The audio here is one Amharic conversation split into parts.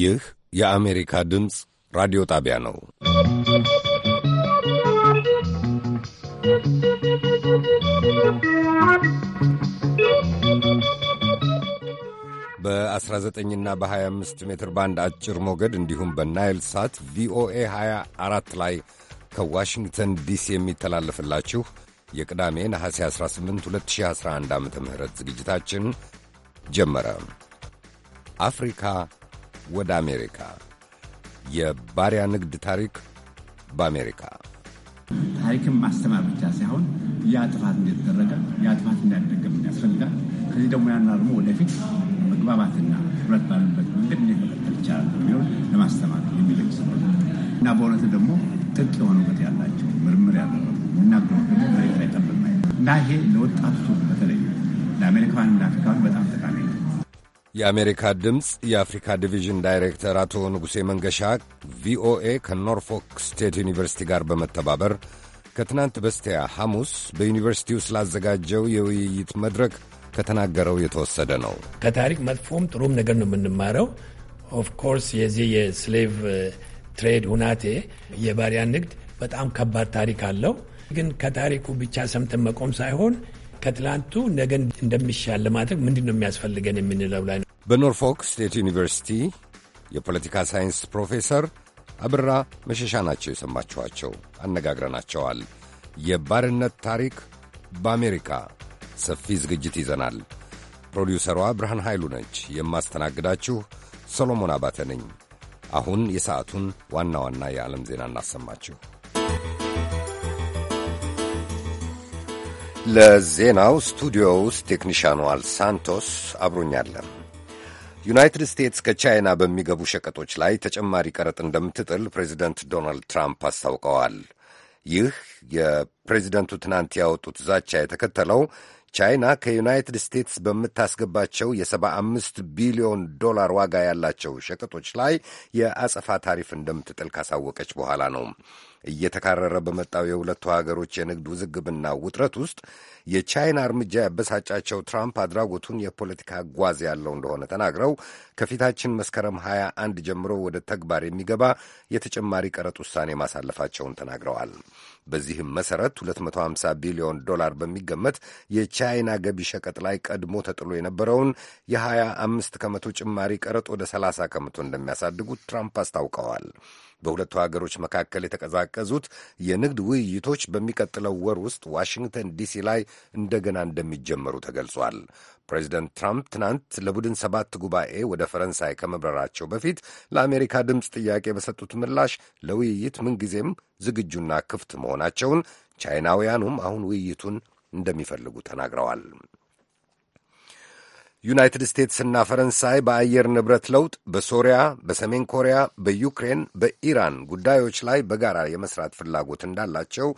ይህ የአሜሪካ ድምፅ ራዲዮ ጣቢያ ነው። 19 እና በ25 ሜትር ባንድ አጭር ሞገድ እንዲሁም በናይል ሳት ቪኦኤ 24 ላይ ከዋሽንግተን ዲሲ የሚተላለፍላችሁ የቅዳሜ ነሐሴ 18 2011 ዓ ም ዝግጅታችን ጀመረ። አፍሪካ ወደ አሜሪካ የባሪያ ንግድ ታሪክ በአሜሪካ ታሪክን ማስተማር ብቻ ሳይሆን ያ ጥፋት እንደተደረገ ያ ጥፋት እንዳደገም ያስፈልጋል። ከዚህ ደግሞ ያና ደግሞ ወደፊት መግባባትና ህብረት ባሉበት መንገድ እንዴት መቀጠል ይቻላል የሚሆን ለማስተማር የሚልቅ እና በእውነት ደግሞ ጥቅ የሆነ እውቀት ያላቸው ምርምር ያደረጉ የሚናገሩ መሬት ላይ ጠብና እና ይሄ ለወጣቱ በተለይ ለአሜሪካን እና አፍሪካን በጣም ጠቃሚ የአሜሪካ ድምፅ የአፍሪካ ዲቪዥን ዳይሬክተር አቶ ንጉሴ መንገሻ ቪኦኤ ከኖርፎክ ስቴት ዩኒቨርሲቲ ጋር በመተባበር ከትናንት በስቲያ ሐሙስ በዩኒቨርሲቲው ስላዘጋጀው የውይይት መድረክ ከተናገረው የተወሰደ ነው። ከታሪክ መጥፎም ጥሩም ነገር ነው የምንማረው። ኦፍኮርስ የዚህ የስሌቭ ትሬድ ሁናቴ የባሪያ ንግድ በጣም ከባድ ታሪክ አለው። ግን ከታሪኩ ብቻ ሰምተን መቆም ሳይሆን ከትላንቱ ነገን እንደሚሻል ለማድረግ ምንድን ነው የሚያስፈልገን የምንለው ላይ ነው። በኖርፎክ ስቴት ዩኒቨርሲቲ የፖለቲካ ሳይንስ ፕሮፌሰር አብራ መሸሻ ናቸው የሰማችኋቸው። አነጋግረናቸዋል። የባርነት ታሪክ በአሜሪካ ሰፊ ዝግጅት ይዘናል። ፕሮዲውሰሯ ብርሃን ኃይሉ ነች። የማስተናግዳችሁ ሰሎሞን አባተ ነኝ። አሁን የሰዓቱን ዋና ዋና የዓለም ዜና እናሰማችሁ። ለዜናው ስቱዲዮ ውስጥ ቴክኒሻኑ አልሳንቶስ አብሮኛለን። ዩናይትድ ስቴትስ ከቻይና በሚገቡ ሸቀጦች ላይ ተጨማሪ ቀረጥ እንደምትጥል ፕሬዚደንት ዶናልድ ትራምፕ አስታውቀዋል። ይህ የፕሬዚደንቱ ትናንት ያወጡት ዛቻ የተከተለው ቻይና ከዩናይትድ ስቴትስ በምታስገባቸው የ75 ቢሊዮን ዶላር ዋጋ ያላቸው ሸቀጦች ላይ የአጸፋ ታሪፍ እንደምትጥል ካሳወቀች በኋላ ነው። እየተካረረ በመጣው የሁለቱ ሀገሮች የንግድ ውዝግብና ውጥረት ውስጥ የቻይና እርምጃ ያበሳጫቸው ትራምፕ አድራጎቱን የፖለቲካ ጓዝ ያለው እንደሆነ ተናግረው ከፊታችን መስከረም 21 አንድ ጀምሮ ወደ ተግባር የሚገባ የተጨማሪ ቀረጥ ውሳኔ ማሳለፋቸውን ተናግረዋል። በዚህም መሰረት 250 ቢሊዮን ዶላር በሚገመት የቻይና ገቢ ሸቀጥ ላይ ቀድሞ ተጥሎ የነበረውን የ25 ከመቶ ጭማሪ ቀረጥ ወደ 30 ከመቶ እንደሚያሳድጉት ትራምፕ አስታውቀዋል። በሁለቱ ሀገሮች መካከል የተቀዛቀዙት የንግድ ውይይቶች በሚቀጥለው ወር ውስጥ ዋሽንግተን ዲሲ ላይ እንደገና እንደሚጀመሩ ተገልጿል። ፕሬዚደንት ትራምፕ ትናንት ለቡድን ሰባት ጉባኤ ወደ ፈረንሳይ ከመብረራቸው በፊት ለአሜሪካ ድምፅ ጥያቄ በሰጡት ምላሽ ለውይይት ምንጊዜም ዝግጁና ክፍት መሆናቸውን ቻይናውያኑም አሁን ውይይቱን እንደሚፈልጉ ተናግረዋል። ዩናይትድ ስቴትስና ፈረንሳይ በአየር ንብረት ለውጥ፣ በሶሪያ፣ በሰሜን ኮሪያ፣ በዩክሬን፣ በኢራን ጉዳዮች ላይ በጋራ የመስራት ፍላጎት እንዳላቸው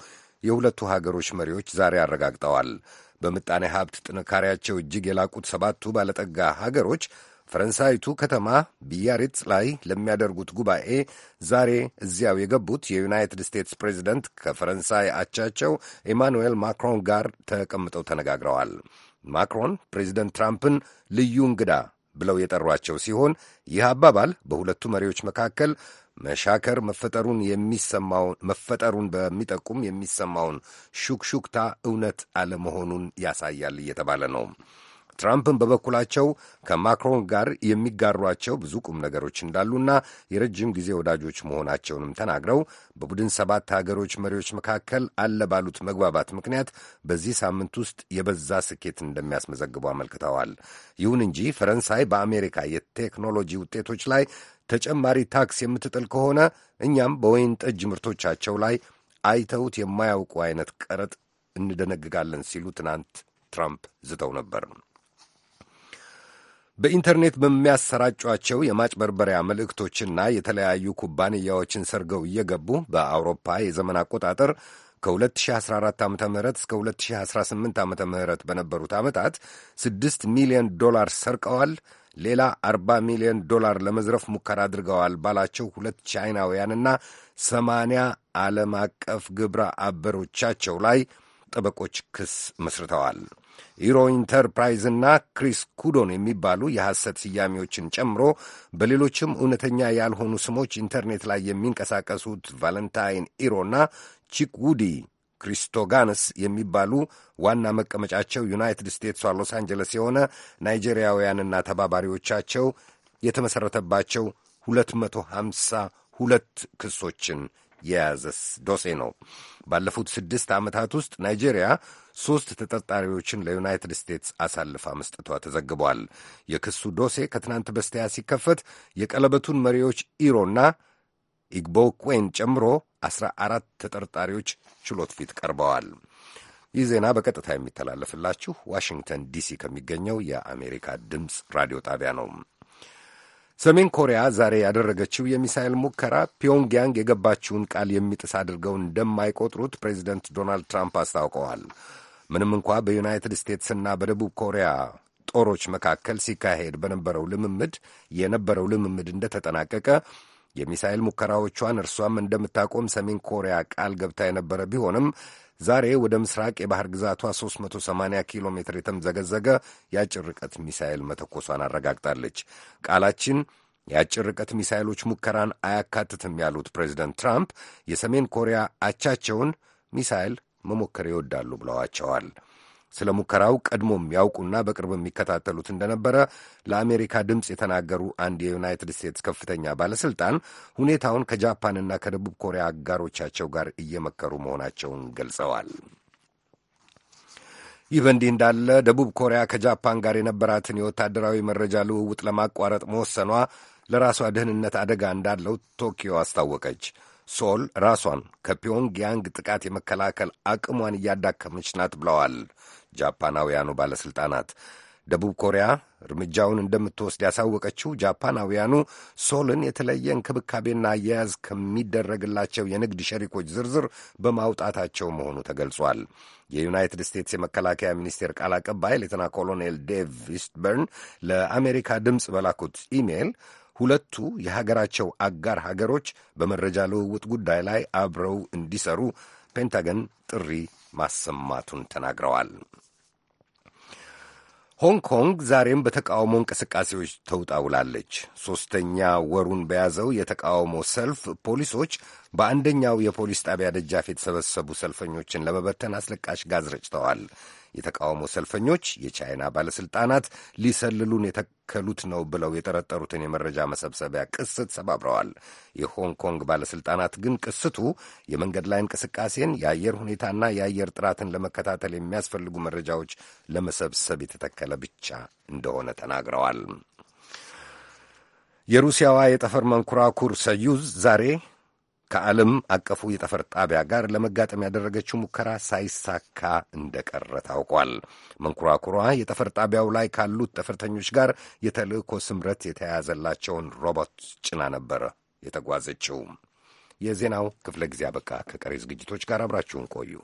የሁለቱ ሀገሮች መሪዎች ዛሬ አረጋግጠዋል። በምጣኔ ሀብት ጥንካሬያቸው እጅግ የላቁት ሰባቱ ባለጠጋ ሀገሮች ፈረንሳይቱ ከተማ ቢያሪትስ ላይ ለሚያደርጉት ጉባኤ ዛሬ እዚያው የገቡት የዩናይትድ ስቴትስ ፕሬዚደንት ከፈረንሳይ አቻቸው ኤማኑኤል ማክሮን ጋር ተቀምጠው ተነጋግረዋል። ማክሮን ፕሬዚደንት ትራምፕን ልዩ እንግዳ ብለው የጠሯቸው ሲሆን ይህ አባባል በሁለቱ መሪዎች መካከል መሻከር መፈጠሩን የሚሰማውን መፈጠሩን በሚጠቁም የሚሰማውን ሹክሹክታ እውነት አለመሆኑን ያሳያል እየተባለ ነው። ትራምፕን በበኩላቸው ከማክሮን ጋር የሚጋሯቸው ብዙ ቁም ነገሮች እንዳሉና የረጅም ጊዜ ወዳጆች መሆናቸውንም ተናግረው በቡድን ሰባት ሀገሮች መሪዎች መካከል አለ ባሉት መግባባት ምክንያት በዚህ ሳምንት ውስጥ የበዛ ስኬት እንደሚያስመዘግቡ አመልክተዋል። ይሁን እንጂ ፈረንሳይ በአሜሪካ የቴክኖሎጂ ውጤቶች ላይ ተጨማሪ ታክስ የምትጥል ከሆነ እኛም በወይን ጠጅ ምርቶቻቸው ላይ አይተውት የማያውቁ አይነት ቀረጥ እንደነግጋለን ሲሉ ትናንት ትራምፕ ዝተው ነበር። በኢንተርኔት በሚያሰራጯቸው የማጭበርበሪያ መልእክቶችና የተለያዩ ኩባንያዎችን ሰርገው እየገቡ በአውሮፓ የዘመን አቆጣጠር ከ2014 ዓ ም እስከ 2018 ዓ ም በነበሩት ዓመታት 6 ሚሊዮን ዶላር ሰርቀዋል፣ ሌላ 40 ሚሊዮን ዶላር ለመዝረፍ ሙከራ አድርገዋል ባላቸው ሁለት ቻይናውያንና 80 ዓለም አቀፍ ግብረ አበሮቻቸው ላይ ጠበቆች ክስ መስርተዋል። ኢሮ ኢንተርፕራይዝና ክሪስ ኩዶን የሚባሉ የሐሰት ስያሜዎችን ጨምሮ በሌሎችም እውነተኛ ያልሆኑ ስሞች ኢንተርኔት ላይ የሚንቀሳቀሱት ቫለንታይን ኢሮና ቺክ ውዲ ክሪስቶጋንስ የሚባሉ ዋና መቀመጫቸው ዩናይትድ ስቴትሷ ሎስ አንጀለስ የሆነ ናይጄሪያውያንና ተባባሪዎቻቸው የተመሠረተባቸው ሁለት ክሶችን የያዘ ዶሴ ነው። ባለፉት ስድስት ዓመታት ውስጥ ናይጄሪያ ሦስት ተጠርጣሪዎችን ለዩናይትድ ስቴትስ አሳልፋ መስጠቷ ተዘግቧል። የክሱ ዶሴ ከትናንት በስቲያ ሲከፈት የቀለበቱን መሪዎች ኢሮና ኢግቦክዌን ጨምሮ አስራ አራት ተጠርጣሪዎች ችሎት ፊት ቀርበዋል። ይህ ዜና በቀጥታ የሚተላለፍላችሁ ዋሽንግተን ዲሲ ከሚገኘው የአሜሪካ ድምፅ ራዲዮ ጣቢያ ነው። ሰሜን ኮሪያ ዛሬ ያደረገችው የሚሳይል ሙከራ ፒዮንግያንግ የገባችውን ቃል የሚጥስ አድርገው እንደማይቆጥሩት ፕሬዚደንት ዶናልድ ትራምፕ አስታውቀዋል። ምንም እንኳ በዩናይትድ ስቴትስና በደቡብ ኮሪያ ጦሮች መካከል ሲካሄድ በነበረው ልምምድ የነበረው ልምምድ እንደተጠናቀቀ የሚሳኤል ሙከራዎቿን እርሷም እንደምታቆም ሰሜን ኮሪያ ቃል ገብታ የነበረ ቢሆንም ዛሬ ወደ ምስራቅ የባህር ግዛቷ 380 ኪሎ ሜትር የተምዘገዘገ የአጭር ርቀት ሚሳኤል መተኮሷን አረጋግጣለች። ቃላችን የአጭር ርቀት ሚሳይሎች ሙከራን አያካትትም ያሉት ፕሬዚደንት ትራምፕ የሰሜን ኮሪያ አቻቸውን ሚሳይል መሞከር ይወዳሉ ብለዋቸዋል። ስለ ሙከራው ቀድሞም ያውቁና በቅርብ የሚከታተሉት እንደነበረ ለአሜሪካ ድምፅ የተናገሩ አንድ የዩናይትድ ስቴትስ ከፍተኛ ባለስልጣን ሁኔታውን ከጃፓንና ከደቡብ ኮሪያ አጋሮቻቸው ጋር እየመከሩ መሆናቸውን ገልጸዋል። ይህ በእንዲህ እንዳለ ደቡብ ኮሪያ ከጃፓን ጋር የነበራትን የወታደራዊ መረጃ ልውውጥ ለማቋረጥ መወሰኗ ለራሷ ደህንነት አደጋ እንዳለው ቶኪዮ አስታወቀች። ሶል ራሷን ከፒዮንግያንግ ጥቃት የመከላከል አቅሟን እያዳከመች ናት ብለዋል ጃፓናውያኑ ባለሥልጣናት። ደቡብ ኮሪያ እርምጃውን እንደምትወስድ ያሳወቀችው ጃፓናውያኑ ሶልን የተለየ እንክብካቤና አያያዝ ከሚደረግላቸው የንግድ ሸሪኮች ዝርዝር በማውጣታቸው መሆኑ ተገልጿል። የዩናይትድ ስቴትስ የመከላከያ ሚኒስቴር ቃል አቀባይ ሌተና ኮሎኔል ዴቭ ኢስትበርን ለአሜሪካ ድምፅ በላኩት ኢሜይል ሁለቱ የሀገራቸው አጋር ሀገሮች በመረጃ ልውውጥ ጉዳይ ላይ አብረው እንዲሰሩ ፔንታገን ጥሪ ማሰማቱን ተናግረዋል። ሆንግ ኮንግ ዛሬም በተቃውሞ እንቅስቃሴዎች ተውጣውላለች። ሦስተኛ ወሩን በያዘው የተቃውሞ ሰልፍ ፖሊሶች በአንደኛው የፖሊስ ጣቢያ ደጃፍ የተሰበሰቡ ሰልፈኞችን ለመበተን አስለቃሽ ጋዝ ረጭተዋል። የተቃውሞ ሰልፈኞች የቻይና ባለሥልጣናት ሊሰልሉን የተከሉት ነው ብለው የጠረጠሩትን የመረጃ መሰብሰቢያ ቅስት ሰባብረዋል። የሆንግ ኮንግ ባለሥልጣናት ግን ቅስቱ የመንገድ ላይ እንቅስቃሴን፣ የአየር ሁኔታና የአየር ጥራትን ለመከታተል የሚያስፈልጉ መረጃዎች ለመሰብሰብ የተተከለ ብቻ እንደሆነ ተናግረዋል። የሩሲያዋ የጠፈር መንኮራኩር ሰዩዝ ዛሬ ከዓለም አቀፉ የጠፈር ጣቢያ ጋር ለመጋጠም ያደረገችው ሙከራ ሳይሳካ እንደቀረ ታውቋል። መንኮራኩሯ የጠፈር ጣቢያው ላይ ካሉት ጠፈርተኞች ጋር የተልእኮ ስምረት የተያያዘላቸውን ሮቦት ጭና ነበር የተጓዘችው። የዜናው ክፍለ ጊዜ አበቃ። ከቀሪ ዝግጅቶች ጋር አብራችሁን ቆዩ።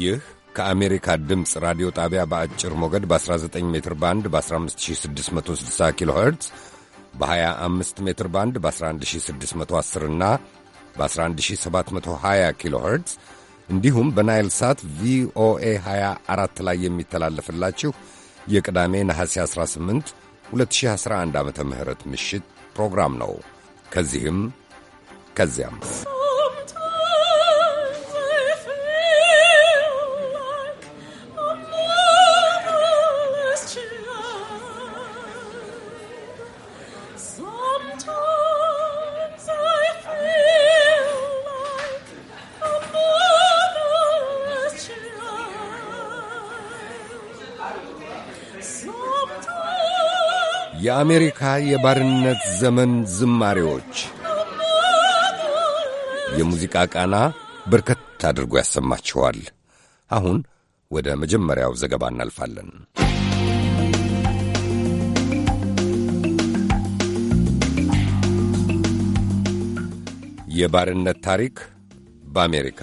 ይህ ከአሜሪካ ድምፅ ራዲዮ ጣቢያ በአጭር ሞገድ በ19 ሜትር ባንድ በ15660 ኪሎ ኸርትዝ በ25 ሜትር ባንድ በ11610 እና በ11720 ኪሎ ኸርትዝ እንዲሁም በናይል ሳት ቪኦኤ 24 ላይ የሚተላለፍላችሁ የቅዳሜ ነሐሴ 18 2011 ዓ ም ምሽት ፕሮግራም ነው። ከዚህም ከዚያም የአሜሪካ የባርነት ዘመን ዝማሬዎች የሙዚቃ ቃና በርከት አድርጎ ያሰማችኋል። አሁን ወደ መጀመሪያው ዘገባ እናልፋለን። የባርነት ታሪክ በአሜሪካ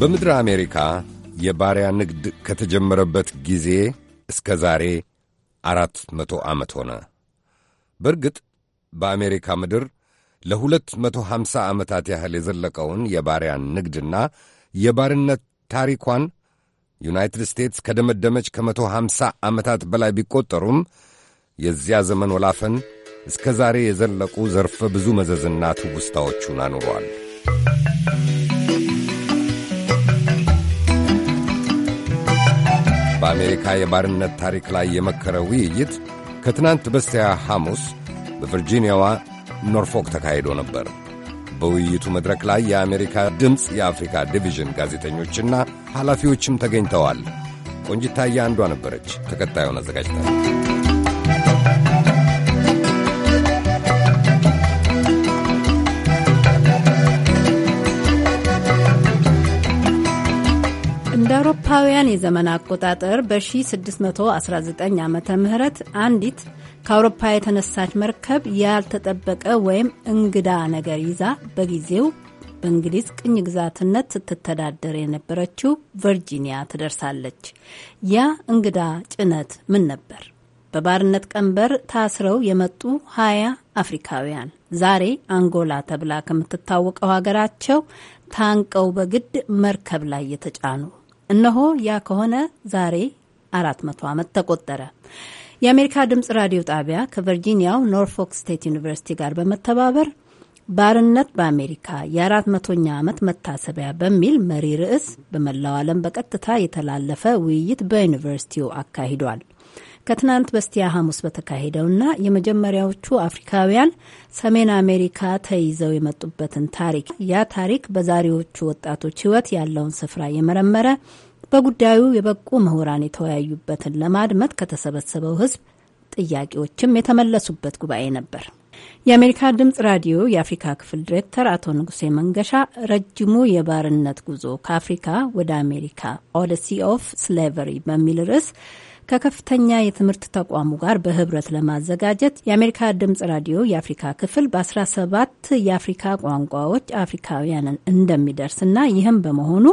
በምድረ አሜሪካ የባሪያ ንግድ ከተጀመረበት ጊዜ እስከ ዛሬ አራት መቶ ዓመት ሆነ። በእርግጥ በአሜሪካ ምድር ለሁለት መቶ ሀምሳ ዓመታት ያህል የዘለቀውን የባሪያን ንግድና የባርነት ታሪኳን ዩናይትድ ስቴትስ ከደመደመች ከመቶ ሀምሳ ዓመታት በላይ ቢቆጠሩም የዚያ ዘመን ወላፈን እስከ ዛሬ የዘለቁ ዘርፈ ብዙ መዘዝና ትውስታዎቹን አኑሯል። በአሜሪካ የባርነት ታሪክ ላይ የመከረ ውይይት ከትናንት በስቲያ ሐሙስ በቨርጂኒያዋ ኖርፎክ ተካሂዶ ነበር። በውይይቱ መድረክ ላይ የአሜሪካ ድምፅ የአፍሪካ ዲቪዥን ጋዜጠኞችና ኃላፊዎችም ተገኝተዋል። ቆንጅታዬ አንዷ ነበረች። ተከታዩን አዘጋጅታለች። በአውሮፓውያን የዘመን አቆጣጠር በ1619 ዓ ም አንዲት ከአውሮፓ የተነሳች መርከብ ያልተጠበቀ ወይም እንግዳ ነገር ይዛ በጊዜው በእንግሊዝ ቅኝ ግዛትነት ስትተዳደር የነበረችው ቨርጂኒያ ትደርሳለች። ያ እንግዳ ጭነት ምን ነበር? በባርነት ቀንበር ታስረው የመጡ ሀያ አፍሪካውያን ዛሬ አንጎላ ተብላ ከምትታወቀው ሀገራቸው ታንቀው በግድ መርከብ ላይ የተጫኑ እነሆ ያ ከሆነ ዛሬ አራት መቶ ዓመት ተቆጠረ። የአሜሪካ ድምፅ ራዲዮ ጣቢያ ከቨርጂኒያው ኖርፎክ ስቴት ዩኒቨርሲቲ ጋር በመተባበር ባርነት በአሜሪካ የአራት መቶኛ ዓመት መታሰቢያ በሚል መሪ ርዕስ በመላው ዓለም በቀጥታ የተላለፈ ውይይት በዩኒቨርሲቲው አካሂዷል። ከትናንት በስቲያ ሐሙስ በተካሄደውና የመጀመሪያዎቹ አፍሪካውያን ሰሜን አሜሪካ ተይዘው የመጡበትን ታሪክ ያ ታሪክ በዛሬዎቹ ወጣቶች ሕይወት ያለውን ስፍራ የመረመረ በጉዳዩ የበቁ ምሁራን የተወያዩበትን ለማድመጥ ከተሰበሰበው ሕዝብ ጥያቄዎችም የተመለሱበት ጉባኤ ነበር። የአሜሪካ ድምጽ ራዲዮ የአፍሪካ ክፍል ዲሬክተር አቶ ንጉሴ መንገሻ ረጅሙ የባርነት ጉዞ ከአፍሪካ ወደ አሜሪካ ኦደሲ ኦፍ ስሌቨሪ በሚል ርዕስ ከከፍተኛ የትምህርት ተቋሙ ጋር በህብረት ለማዘጋጀት የአሜሪካ ድምጽ ራዲዮ የአፍሪካ ክፍል በ17 የአፍሪካ ቋንቋዎች አፍሪካውያንን እንደሚደርስና ይህም በመሆኑ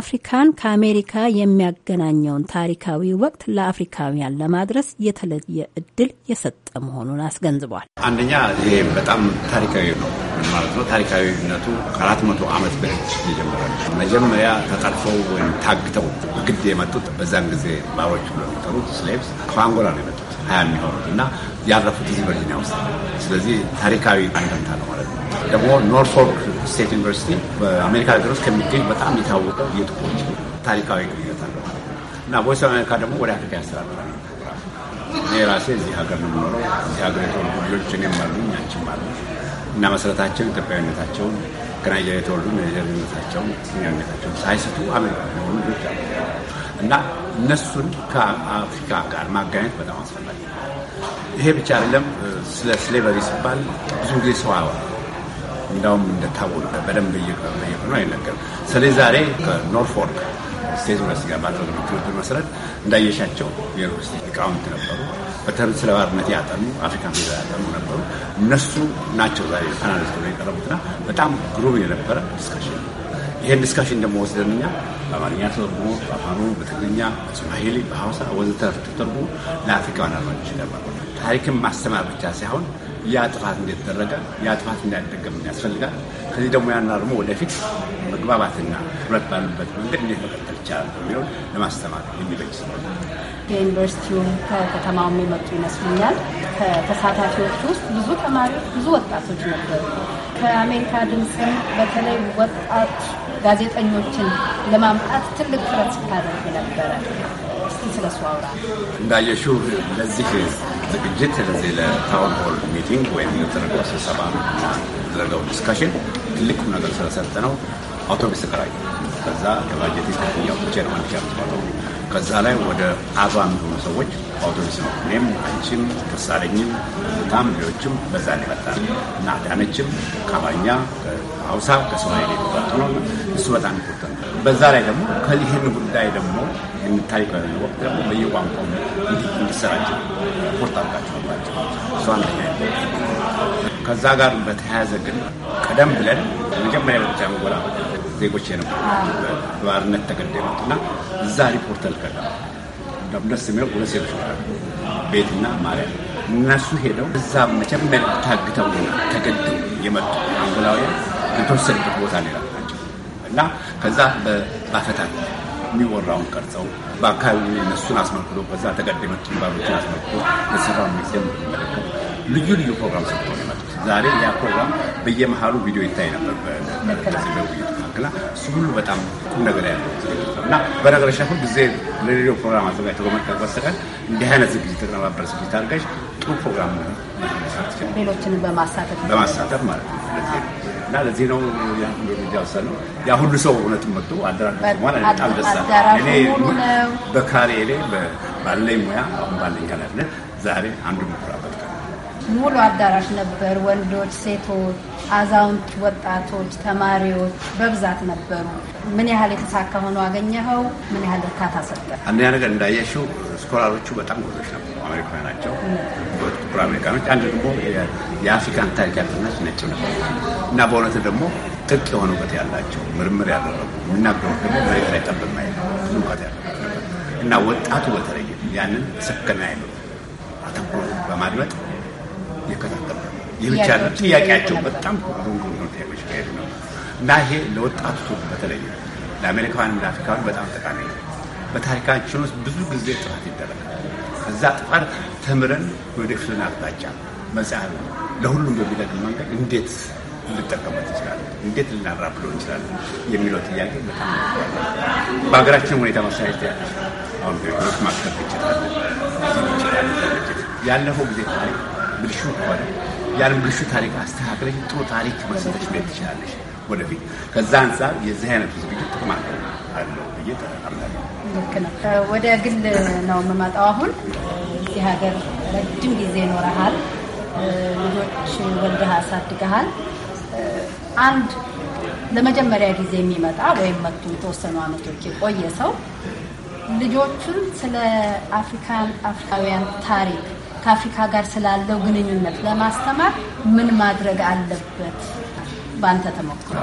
አፍሪካን ከአሜሪካ የሚያገናኘውን ታሪካዊ ወቅት ለአፍሪካውያን ለማድረስ የተለየ እድል የሰጠ መሆኑን አስገንዝቧል። አንደኛ ይሄ በጣም ታሪካዊ ነው። ማለት ነው። ታሪካዊነቱ ከአራት መቶ ዓመት በፊት የጀመረ መጀመሪያ ተጠልፈው ወይም ታግተው ግድ የመጡት በዛን ጊዜ ባሮች ብሎ የሚጠሩት ስሌቭስ ከአንጎላ ነው የመጡት ሀያ የሚሆኑት እና ያረፉት እዚህ ቨርጂኒያ ውስጥ። ስለዚህ ታሪካዊ አንደምታ ነው ማለት ነው። ደግሞ ኖርፎርክ ስቴት ዩኒቨርሲቲ በአሜሪካ ሀገር ውስጥ ከሚገኝ በጣም የታወቀው የጥቁሮች ታሪካዊ ግንኙነት አለ ማለት ነው እና ቮይስ አሜሪካ ደግሞ ወደ አፍሪካ ያስተላልፋል። እኔ ራሴ እዚህ ሀገር ነው የምኖረው። እዚህ ሀገር የተወለዱ ልጆች እኔም አሉኝ አንቺም አሉኝ። እና መሰረታቸው ኢትዮጵያዊነታቸውን ከናይጀሪያ የተወለዱ ናይጀሪያነታቸውን እኛነታቸውን ሳይስቱ አሜሪካ የሆኑ ልጆች አሉ እና እነሱን ከአፍሪካ ጋር ማጋኘት በጣም አስፈላጊ ይሄ ብቻ አይደለም። ስለ ስሌቨሪ ሲባል ብዙ ጊዜ ሰው አዋ እንዳውም እንደታወቀ በደንብ እየቀመየቅ ነው አይነገርም። ስለዚህ ዛሬ ከኖርፎርክ ስቴት ዩኒቨርስቲ ጋር ባደረግነው ትብብር መሰረት እንዳየሻቸው የዩኒቨርስቲ ሊቃውንት ነበሩ። በተለይ ስለ ባርነት ያጠኑ አፍሪካ ሚዲያ ያጠኑ ነበሩ። እነሱ ናቸው ዛሬ ፓናሊስት ሆነው የቀረቡትና በጣም ግሩም የነበረ ዲስካሽን ይህን ዲስካሽን ደግሞ ወስደንኛ በአማርኛ ተርጉሞ በአፋኑ በትግርኛ በሶማሌ በሐውሳ ወዘተርፍ ተተርጉሞ ለአፍሪካውያን አድማጮች ይቀርባል። ታሪክን ማስተማር ብቻ ሳይሆን ያ ጥፋት እንደተደረገ ያ ጥፋት እንዳይደገም ያስፈልጋል። ከዚህ ደግሞ ያና ደግሞ ወደፊት መግባባትና ህብረት ባሉበት መንገድ እንዴት መቀጠል ይቻላል በሚለውን ለማስተማር የሚበጅ ስለሆነ ከዩኒቨርሲቲውም ከከተማውም የመጡ ይመስሉኛል። ከተሳታፊዎች ውስጥ ብዙ ተማሪዎች፣ ብዙ ወጣቶች ነበሩ። ከአሜሪካ ድምፅም በተለይ ወጣት ጋዜጠኞችን ለማምጣት ትልቅ ጥረት ስታደርግ ነበረ። እስቲ እንዳየሽው ለዚህ ዝግጅት ለዚህ ለታውን ሆል ሚቲንግ ወይም የተደረገው ስብሰባ እና የተደረገው ዲስካሽን ትልቁ ነገር ስለሰጠ ነው አውቶቡስ ተከራይ በዛ ከባጀት ተያው ብቻ ነው አንድ ከዛ ላይ ወደ አርባ የሚሆኑ ሰዎች አውቶቡስ ነው። እኔም አንቺም ደሳለኝም በጣም ሌሎችም በዛ ሊመጣ እና አዳነችም ከአማርኛ ከሀውሳ ከሶማሌ ሊመጣት ነው። እሱ በጣም ይቆጠል። በዛ ላይ ደግሞ ከይህን ጉዳይ ደግሞ የሚታይ ወቅት ደግሞ በየቋንቋ እንዲሰራጭ ፖርት ባቸው እሱ አንደኛ። ከዛ ጋር በተያያዘ ግን ቀደም ብለን መጀመሪያ ብቻ መጎላ ዜጎች የነበሩ በባርነት ተገደ የመጡና እዛ ሪፖርት ተልከላ ደስ የሚለው ሁለት ሴቶች ይላል ቤትና ማርያም እነሱ ሄደው እዛ መጀመሪያ ታግተው ተገደው የመጡ አንጎላውያን የተወሰደበት ቦታ ሌላ ናቸው እና ከዛ በአፈታት የሚወራውን ቀርጸው በአካባቢ እነሱን አስመልክቶ በዛ ተገደ የመጡ ባሮችን አስመልክቶ የሰራ ሚዜ መለከት ልዩ ልዩ ፕሮግራም ሰጥቶ ነው የመጡት። ዛሬ ያ ፕሮግራም በየመሀሉ ቪዲዮ ይታይ ነበር። በዚህ በውይይቱ መካከል እሱ ሁሉ በጣም ቁም ነገር ያለው እና በነገረሻ ሁል ጊዜ ለሬዲዮ ፕሮግራም አዘጋጅ ተጎመጠቅ በስተቀር እንዲህ አይነት ዝግጅት ነባበር ዝግጅት አድርጋሽ ጥሩ ፕሮግራም ነው ሌሎችንም በማሳተፍ በማሳተፍ ማለት ነው ለዚህ ነው እና ለዚህ ነው እርምጃ ወሰነው። ያ ሁሉ ሰው እውነትም መጡ አደራጁ ማለት በጣም ደስ አለ። እኔ በካሪዬ ባለኝ ሙያ አሁን ባለኝ ኃላፊነት ዛሬ አንዱ ምኩራ ሙሉ አዳራሽ ነበር። ወንዶች፣ ሴቶች፣ አዛውንት፣ ወጣቶች፣ ተማሪዎች በብዛት ነበሩ። ምን ያህል የተሳካ ሆኖ አገኘኸው? ምን ያህል እርካታ ሰጠ? አንደኛ ነገር እንዳየሽው ስኮላሮቹ በጣም ጎዞች ነበሩ። አሜሪካ ናቸው፣ ጥቁር አሜሪካኖች። አንድ ደግሞ የአፍሪካን ታሪክ ያጠናች ነጭ ነበሩ እና በእውነት ደግሞ ጥቅ የሆነ እውቀት ያላቸው ምርምር ያደረጉ የሚናገሩት ደግሞ መሬት ላይ ጠብ የማይል ብዙ እውቀት ያለ እና ወጣቱ በተለይ ያንን ሰከና ያለ አተኩሮ በማድመጥ ይከታተላል። ይህ ጥያቄያቸው በጣም ሮንግ ሆኑ ጥያቄዎች ካሄዱ ነው እና ይሄ ለወጣቱ በተለይ ለአሜሪካውያንም ለአፍሪካን በጣም ጠቃሚ ነው። በታሪካችን ውስጥ ብዙ ጊዜ ጥፋት ይደረጋል። ከዛ ጥፋት ተምረን ወደፊቱን አቅጣጫ መጽሐፍ ለሁሉም በሚጠቅም መንገድ እንዴት ልጠቀመት ይችላል፣ እንዴት ልናራብሎ እንችላለን የሚለው ጥያቄ በጣም በሀገራችን ሁኔታ መሳየት ያለ አሁን ማስከፍ ይችላል ያለፈው ጊዜ ታሪክ ብልሹ ከሆነ ያን ብልሹ ታሪክ አስተካክለሽ ጥሩ ታሪክ መስለሽ ቤት ትችላለሽ ወደፊት። ከዛ አንጻር የዚህ አይነቱ ዝግጅት ጥቅም አለው ብዬ አምናለሁ። ልክ ነው። ወደ ግል ነው የምመጣው። አሁን እዚህ ሀገር ረጅም ጊዜ ይኖረሃል፣ ልጆች ወልደህ አሳድገሃል። አንድ ለመጀመሪያ ጊዜ የሚመጣ ወይም መቶ የተወሰኑ አመቶች የቆየ ሰው ልጆቹን ስለ አፍሪካን አፍሪካውያን ታሪክ ከአፍሪካ ጋር ስላለው ግንኙነት ለማስተማር ምን ማድረግ አለበት? በአንተ ተሞክሮ።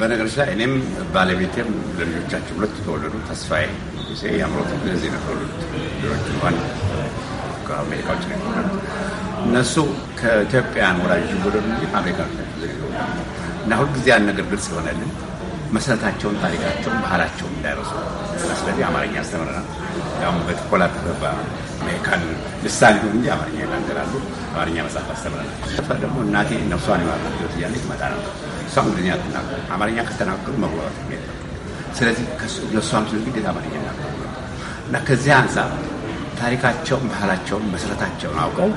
በነገሮች ላይ እኔም ባለቤቴም ለልጆቻቸው ሁለት የተወለዱ ተስፋዬ ጊዜ የአምሮት ትምህርት ዚህ የተወለዱት ልጆች እንኳን ከአሜሪካዎች ነው እነሱ ከኢትዮጵያን ወላጅ ጎደሉ እንጂ አሜሪካ እና ሁልጊዜ ያን ነገር ግልጽ ይሆናልን መሰረታቸውን፣ ታሪካቸውን፣ ባህላቸውን እንዳይረሱ። ስለዚህ አማርኛ አስተምረናል። ያሁን በጥቆላ ተገባ ከል ልሳን ሊሆን እንጂ አማርኛ ይናገራሉ። አማርኛ መጽሐፍ አስተምረናል። ሰፈር ደግሞ እናቴ ነፍሷን የማለት እያለች መጣ ነው። እሷ እንግሊዝኛ ትናገር፣ አማርኛ ከተናገሩ መግባባት የለም። ስለዚህ ለእሷም ስለ ግዴታ አማርኛ ናገሩ እና ከዚያ አንጻር ታሪካቸውን፣ ባህላቸውን፣ መሰረታቸውን አውቀው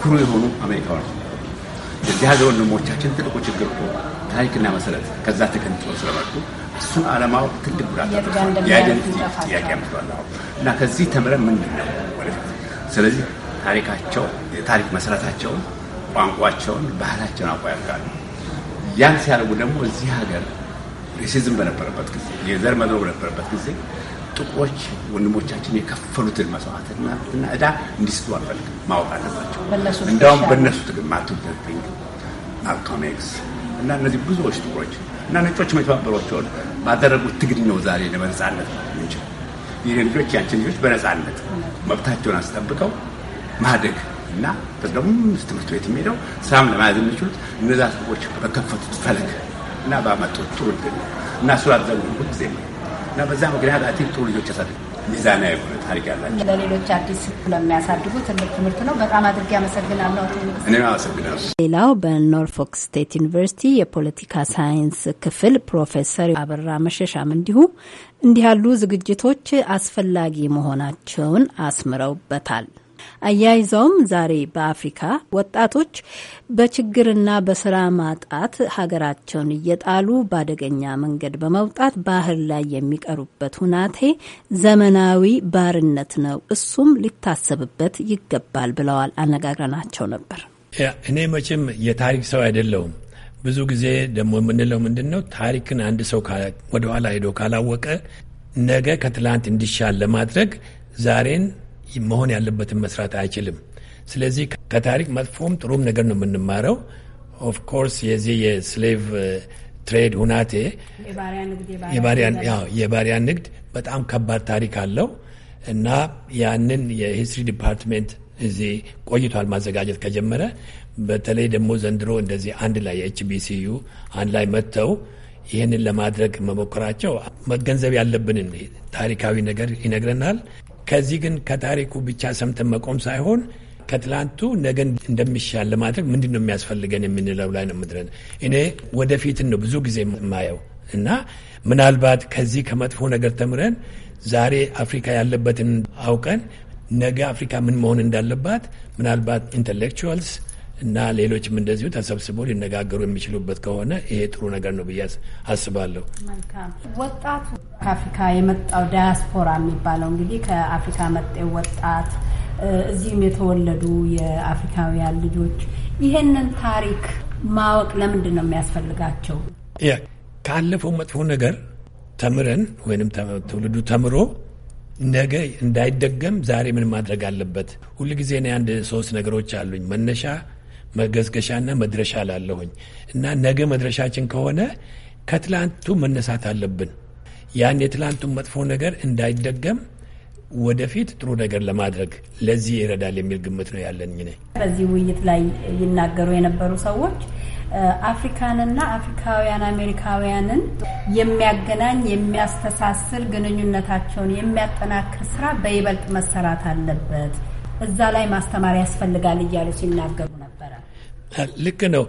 ኩሩ የሆኑ አሜሪካዎች እዚህ ሀገር ወንድሞቻችን ትልቁ ችግር እኮ ታሪክና መሰረት ከዛ ተገንጥሎ ስለመጡ እሱን አለማወቅ ትልቅ ጉዳት የአይደንቲቲ ጥያቄ አምጥቷል እና ከዚህ ተምረን ምንድን ነው ስለዚህ ታሪካቸው የታሪክ መሰረታቸውን፣ ቋንቋቸውን፣ ባህላቸውን አውቀው ያውቃሉ። ያን ሲያደርጉ ደግሞ እዚህ ሀገር ሬሲዝም በነበረበት ጊዜ የዘር መድሮ በነበረበት ጊዜ ጥቁሮች ወንድሞቻችን የከፈሉትን መስዋዕትና እና እዳ እንዲስቱ አልፈልግም። ማወቅ አለባቸው። እንዲያውም በእነሱ ጥቅም ማርቲን ሉተር ኪንግ፣ ማልኮም ኤክስ እና እነዚህ ብዙዎች ጥቁሮች እና ነጮች የተባበሯቸውን ባደረጉት ትግል ነው ዛሬ ለመነጻነት ምንችል የልጆች ልጆች በነፃነት መብታቸውን አስጠብቀው ማደግ እና ደግሞ ትምህርት ቤት የሚሄደው ስራም ለማያዝ የሚችሉት እነዛ ሰዎች በከፈቱት ፈለግ እና ባመጡት ትውልድ እና እሱ አብዛኛው ሁልጊዜ እና በዛ ምክንያት አቲክ ጥሩ ልጆች ያሳድግ ሚዛናዊ የሆነ ታሪክ ያላቸው ለሌሎች አዲስ ለሚያሳድጉ ትልቅ ትምህርት ነው። በጣም አድርጌ አመሰግናለሁ። እኔም አመሰግናለሁ። ሌላው በኖርፎክ ስቴት ዩኒቨርሲቲ የፖለቲካ ሳይንስ ክፍል ፕሮፌሰር አበራ መሸሻም እንዲሁ እንዲህ ያሉ ዝግጅቶች አስፈላጊ መሆናቸውን አስምረውበታል። አያይዘውም ዛሬ በአፍሪካ ወጣቶች በችግርና በስራ ማጣት ሀገራቸውን እየጣሉ በአደገኛ መንገድ በመውጣት ባህር ላይ የሚቀሩበት ሁናቴ ዘመናዊ ባርነት ነው፣ እሱም ሊታሰብበት ይገባል ብለዋል። አነጋግረናቸው ነበር። እኔ መቼም የታሪክ ሰው አይደለውም ብዙ ጊዜ ደግሞ የምንለው ምንድን ነው ታሪክን አንድ ሰው ወደኋላ ሄዶ ካላወቀ ነገ ከትላንት እንዲሻል ለማድረግ ዛሬን መሆን ያለበትን መስራት አይችልም። ስለዚህ ከታሪክ መጥፎም ጥሩም ነገር ነው የምንማረው። ኦፍኮርስ የዚህ የስሌቭ uh, ትሬድ ሁናቴ የባሪያ ንግድ በጣም ከባድ ታሪክ አለው እና ያንን የሂስትሪ ዲፓርትሜንት እዚህ ቆይቷል ማዘጋጀት ከጀመረ። በተለይ ደግሞ ዘንድሮ እንደዚህ አንድ ላይ የኤችቢሲዩ አንድ ላይ መጥተው ይህንን ለማድረግ መሞከራቸው መገንዘብ ያለብንን ታሪካዊ ነገር ይነግረናል። ከዚህ ግን ከታሪኩ ብቻ ሰምተን መቆም ሳይሆን ከትላንቱ ነገን እንደሚሻል ለማድረግ ምንድን ነው የሚያስፈልገን የምንለው ላይ ነው ምድረን እኔ ወደፊትን ነው ብዙ ጊዜ የማየው እና ምናልባት ከዚህ ከመጥፎ ነገር ተምረን ዛሬ አፍሪካ ያለበትን አውቀን ነገ አፍሪካ ምን መሆን እንዳለባት ምናልባት ኢንተሌክቹዋልስ እና ሌሎችም እንደዚሁ ተሰብስበው ሊነጋገሩ የሚችሉበት ከሆነ ይሄ ጥሩ ነገር ነው ብዬ አስባለሁ። ወጣቱ ከአፍሪካ የመጣው ዳያስፖራ የሚባለው እንግዲህ ከአፍሪካ መጤው ወጣት እዚህም የተወለዱ የአፍሪካውያን ልጆች ይህንን ታሪክ ማወቅ ለምንድን ነው የሚያስፈልጋቸው? ካለፈው መጥፎ ነገር ተምረን ወይም ትውልዱ ተምሮ ነገ እንዳይደገም ዛሬ ምን ማድረግ አለበት? ሁል ጊዜ እኔ አንድ ሶስት ነገሮች አሉኝ፣ መነሻ መገዝገሻና መድረሻ ላለሁኝ እና ነገ መድረሻችን ከሆነ ከትላንቱ መነሳት አለብን። ያን የትላንቱን መጥፎ ነገር እንዳይደገም ወደፊት ጥሩ ነገር ለማድረግ ለዚህ ይረዳል የሚል ግምት ነው ያለን። በዚህ ውይይት ላይ ይናገሩ የነበሩ ሰዎች አፍሪካንና አፍሪካውያን አሜሪካውያንን የሚያገናኝ የሚያስተሳስር ግንኙነታቸውን የሚያጠናክር ስራ በይበልጥ መሰራት አለበት፣ እዛ ላይ ማስተማር ያስፈልጋል እያሉ ሲናገሩ ነበረ። ልክ ነው።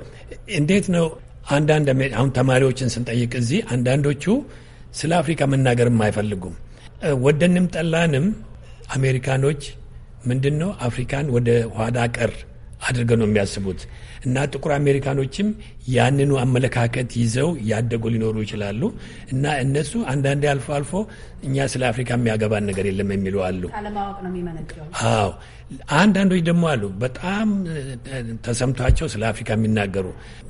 እንዴት ነው አንዳንድ አሁን ተማሪዎችን ስንጠይቅ እዚህ አንዳንዶቹ ስለ አፍሪካ መናገርም አይፈልጉም። ወደንም ጠላንም አሜሪካኖች ምንድን ነው አፍሪካን ወደ ኋላ ቀር አድርገው ነው የሚያስቡት እና ጥቁር አሜሪካኖችም ያንኑ አመለካከት ይዘው ያደጉ ሊኖሩ ይችላሉ እና እነሱ አንዳንዴ አልፎ አልፎ እኛ ስለ አፍሪካ የሚያገባን ነገር የለም የሚሉ አሉ። አዎ አንዳንዶች ደግሞ አሉ በጣም ተሰምቷቸው ስለ አፍሪካ የሚናገሩ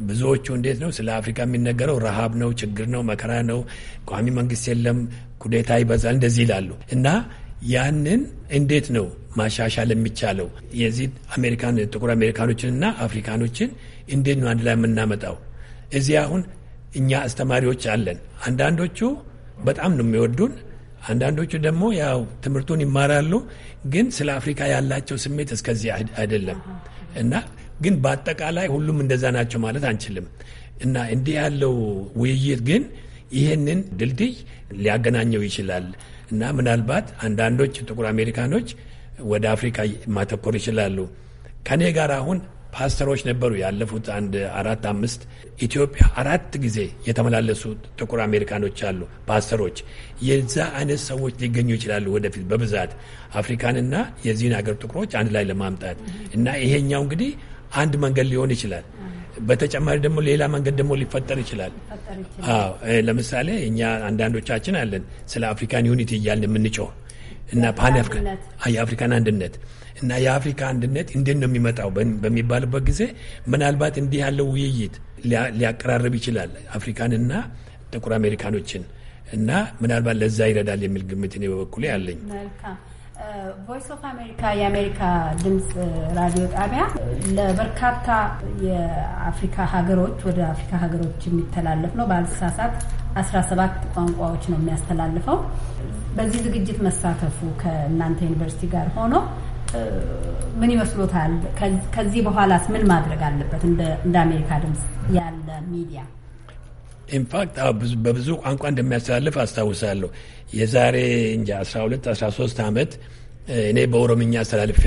ብዙዎቹ። እንዴት ነው ስለ አፍሪካ የሚነገረው? ረሃብ ነው፣ ችግር ነው፣ መከራ ነው፣ ቋሚ መንግስት የለም፣ ኩዴታ ይበዛል፣ እንደዚህ ይላሉ እና ያንን እንዴት ነው ማሻሻል የሚቻለው የዚህ አሜሪካን ጥቁር አሜሪካኖችንና አፍሪካኖችን እንዴት ነው አንድ ላይ የምናመጣው? እዚህ አሁን እኛ አስተማሪዎች አለን። አንዳንዶቹ በጣም ነው የሚወዱን፣ አንዳንዶቹ ደግሞ ያው ትምህርቱን ይማራሉ፣ ግን ስለ አፍሪካ ያላቸው ስሜት እስከዚህ አይደለም እና ግን በአጠቃላይ ሁሉም እንደዛ ናቸው ማለት አንችልም እና እንዲህ ያለው ውይይት ግን ይህንን ድልድይ ሊያገናኘው ይችላል እና ምናልባት አንዳንዶች ጥቁር አሜሪካኖች ወደ አፍሪካ ማተኮር ይችላሉ። ከኔ ጋር አሁን ፓስተሮች ነበሩ ያለፉት አንድ አራት አምስት ኢትዮጵያ አራት ጊዜ የተመላለሱ ጥቁር አሜሪካኖች አሉ ፓስተሮች። የዛ አይነት ሰዎች ሊገኙ ይችላሉ ወደፊት በብዛት አፍሪካንና የዚህን ሀገር ጥቁሮች አንድ ላይ ለማምጣት እና ይሄኛው እንግዲህ አንድ መንገድ ሊሆን ይችላል። በተጨማሪ ደግሞ ሌላ መንገድ ደግሞ ሊፈጠር ይችላል። ለምሳሌ እኛ አንዳንዶቻችን አለን ስለ አፍሪካን ዩኒቲ እያልን የምንጮህ እና ፓን የአፍሪካን አንድነት እና የአፍሪካ አንድነት እንዴት ነው የሚመጣው በሚባልበት ጊዜ ምናልባት እንዲህ ያለው ውይይት ሊያቀራርብ ይችላል አፍሪካንና ጥቁር አሜሪካኖችን እና ምናልባት ለዛ ይረዳል የሚል ግምት እኔ በበኩሌ አለኝ። ቮይስ ኦፍ አሜሪካ የአሜሪካ ድምፅ ራዲዮ ጣቢያ ለበርካታ የአፍሪካ ሀገሮች ወደ አፍሪካ ሀገሮች የሚተላለፍ ነው። ባልሳሳት 17 ቋንቋዎች ነው የሚያስተላልፈው። በዚህ ዝግጅት መሳተፉ ከእናንተ ዩኒቨርሲቲ ጋር ሆኖ ምን ይመስሎታል? ከዚህ በኋላስ ምን ማድረግ አለበት እንደ አሜሪካ ድምፅ ያለ ሚዲያ? ኢንፋክት በብዙ ቋንቋ እንደሚያስተላልፍ አስታውሳለሁ። የዛሬ እንጃ 12 13 ዓመት እኔ በኦሮምኛ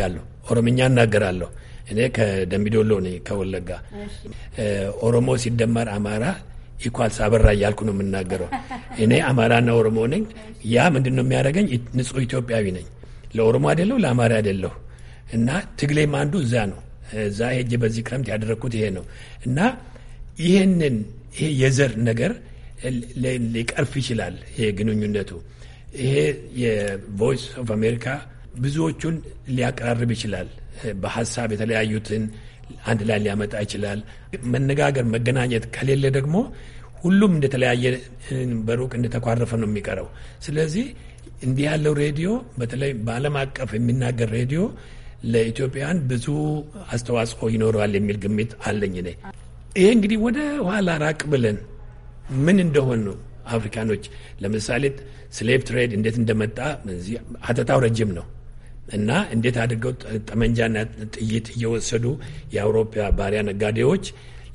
ያለሁ ኦሮምኛ እናገራለሁ። እኔ ከደምቢዶሎ ነኝ ከወለጋ። ኦሮሞ ሲደመር አማራ ኢኳልስ አበራ እያልኩ ነው የምናገረው። እኔ አማራና ኦሮሞ ነኝ። ያ ምንድን ነው የሚያደርገኝ? ንጹህ ኢትዮጵያዊ ነኝ። ለኦሮሞ አይደለሁ፣ ለአማራ አይደለሁ። እና ትግሌም አንዱ እዛ ነው። እዛ ሄጄ በዚህ ክረምት ያደረግኩት ይሄ ነው እና ይሄንን ይሄ የዘር ነገር ሊቀርፍ ይችላል። ይሄ ግንኙነቱ ይሄ የቮይስ ኦፍ አሜሪካ ብዙዎቹን ሊያቀራርብ ይችላል። በሀሳብ የተለያዩትን አንድ ላይ ሊያመጣ ይችላል። መነጋገር መገናኘት ከሌለ ደግሞ ሁሉም እንደተለያየ በሩቅ እንደተኳረፈ ነው የሚቀረው። ስለዚህ እንዲህ ያለው ሬዲዮ በተለይ በዓለም አቀፍ የሚናገር ሬዲዮ ለኢትዮጵያን ብዙ አስተዋጽኦ ይኖረዋል የሚል ግምት አለኝ እኔ። ይሄ እንግዲህ ወደ ኋላ ራቅ ብለን ምን እንደሆኑ አፍሪካኖች ለምሳሌ ስሌቭ ትሬድ እንዴት እንደመጣ አተታው ረጅም ነው። እና እንዴት አድርገው ጠመንጃና ጥይት እየወሰዱ የአውሮፓ ባሪያ ነጋዴዎች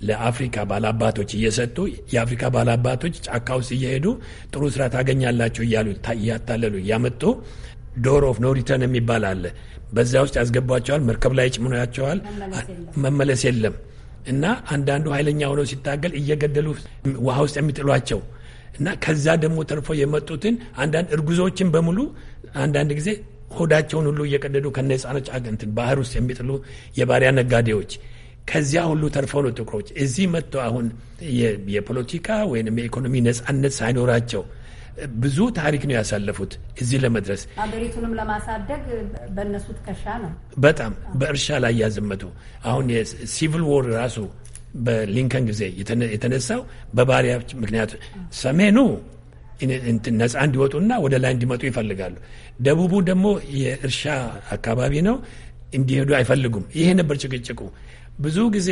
ለአፍሪካ ባላባቶች እየሰጡ የአፍሪካ ባላባቶች ጫካ ውስጥ እየሄዱ ጥሩ ስራ ታገኛላችሁ እያሉ እያታለሉ እያመጡ ዶር ኦፍ ኖሪተን የሚባል አለ። በዚያ ውስጥ ያስገቧቸዋል። መርከብ ላይ ጭምኖያቸዋል። መመለስ የለም እና አንዳንዱ ኃይለኛ ሆነው ሲታገል እየገደሉ ውሃ ውስጥ የሚጥሏቸው እና ከዛ ደግሞ ተርፎ የመጡትን አንዳንድ እርጉዞችን በሙሉ አንዳንድ ጊዜ ሆዳቸውን ሁሉ እየቀደዱ ከነ ህፃኖች አገንትን ባህር ውስጥ የሚጥሉ የባሪያ ነጋዴዎች ከዚያ ሁሉ ተርፈው ነው ጥቁሮች እዚህ መጥቶ አሁን የፖለቲካ ወይም የኢኮኖሚ ነፃነት ሳይኖራቸው ብዙ ታሪክ ነው ያሳለፉት እዚህ ለመድረስ አገሪቱንም ለማሳደግ በእነሱ ትከሻ ነው በጣም በእርሻ ላይ ያዘመቱ አሁን የሲቪል ዎር ራሱ በሊንከን ጊዜ የተነሳው በባሪያ ምክንያቱ ሰሜኑ ነፃ እንዲወጡና ወደ ላይ እንዲመጡ ይፈልጋሉ። ደቡቡ ደግሞ የእርሻ አካባቢ ነው፣ እንዲሄዱ አይፈልጉም። ይሄ ነበር ጭቅጭቁ። ብዙ ጊዜ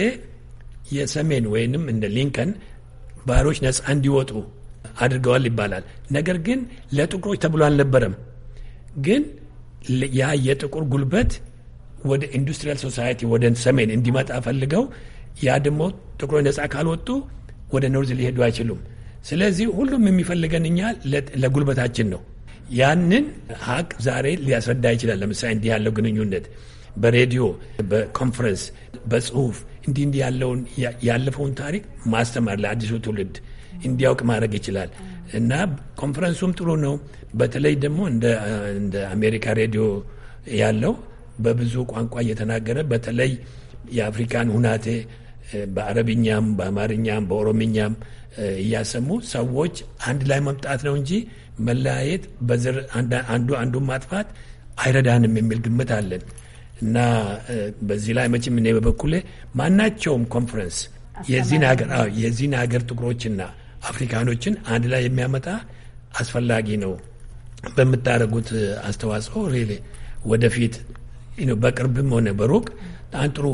የሰሜን ወይንም እንደ ሊንከን ባህሮች ነፃ እንዲወጡ አድርገዋል ይባላል። ነገር ግን ለጥቁሮች ተብሎ አልነበረም። ግን ያ የጥቁር ጉልበት ወደ ኢንዱስትሪያል ሶሳይቲ ወደ ሰሜን እንዲመጣ ፈልገው ያ ደግሞ ጥቁሮች ነፃ ካልወጡ ወደ ኖርዝ ሊሄዱ አይችሉም። ስለዚህ ሁሉም የሚፈልገን እኛ ለጉልበታችን ነው። ያንን ሀቅ ዛሬ ሊያስረዳ ይችላል። ለምሳሌ እንዲህ ያለው ግንኙነት በሬዲዮ በኮንፈረንስ በጽሁፍ እንዲህ እንዲህ ያለውን ያለፈውን ታሪክ ማስተማር ለአዲሱ ትውልድ እንዲያውቅ ማድረግ ይችላል እና ኮንፈረንሱም ጥሩ ነው። በተለይ ደግሞ እንደ አሜሪካ ሬዲዮ ያለው በብዙ ቋንቋ እየተናገረ በተለይ የአፍሪካን ሁናቴ በአረብኛም፣ በአማርኛም፣ በኦሮምኛም እያሰሙ ሰዎች አንድ ላይ መምጣት ነው እንጂ መለያየት፣ በዝር አንዱ አንዱን ማጥፋት አይረዳንም የሚል ግምት አለን እና በዚህ ላይ መቼም እኔ በበኩሌ ማናቸውም ኮንፈረንስ የዚህን ሀገር የዚህን ሀገር ጥቁሮችና አፍሪካኖችን አንድ ላይ የሚያመጣ አስፈላጊ ነው። በምታደርጉት አስተዋጽኦ ሬሌ ወደፊት በቅርብም ሆነ በሩቅ አንድ ጥሩ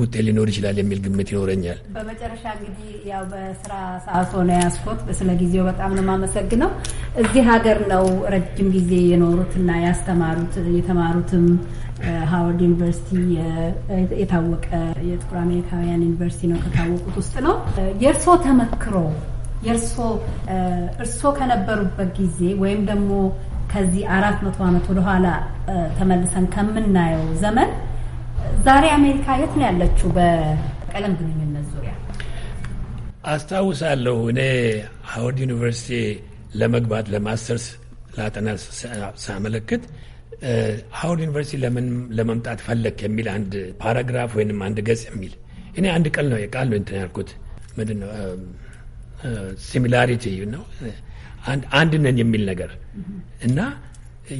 ውጤት ሊኖር ይችላል የሚል ግምት ይኖረኛል። በመጨረሻ እንግዲህ ያው በስራ ሰዓት ሆነ ያስኮት ስለ ጊዜው በጣም ነው የማመሰግነው። እዚህ ሀገር ነው ረጅም ጊዜ የኖሩትና ያስተማሩት የተማሩትም ሃዋርድ ዩኒቨርሲቲ የታወቀ የጥቁር አሜሪካውያን ዩኒቨርሲቲ ነው፣ ከታወቁት ውስጥ ነው። የእርሶ ተመክሮ የእርሶ እርሶ ከነበሩበት ጊዜ ወይም ደግሞ ከዚህ አራት መቶ ዓመት ወደኋላ ተመልሰን ከምናየው ዘመን ዛሬ አሜሪካ የት ነው ያለችው በቀለም ግንኙነት ዙሪያ? አስታውሳለሁ እኔ ሀዋርድ ዩኒቨርሲቲ ለመግባት ለማስተርስ ላጠና ሳመለክት ሀዋርድ ዩኒቨርሲቲ ለምን ለመምጣት ፈለግ የሚል አንድ ፓራግራፍ ወይም አንድ ገጽ የሚል እኔ አንድ ቀል ነው የቃል ነው እንትን ያልኩት ምንድን ነው ሲሚላሪቲ ነው አንድ ነን የሚል ነገር እና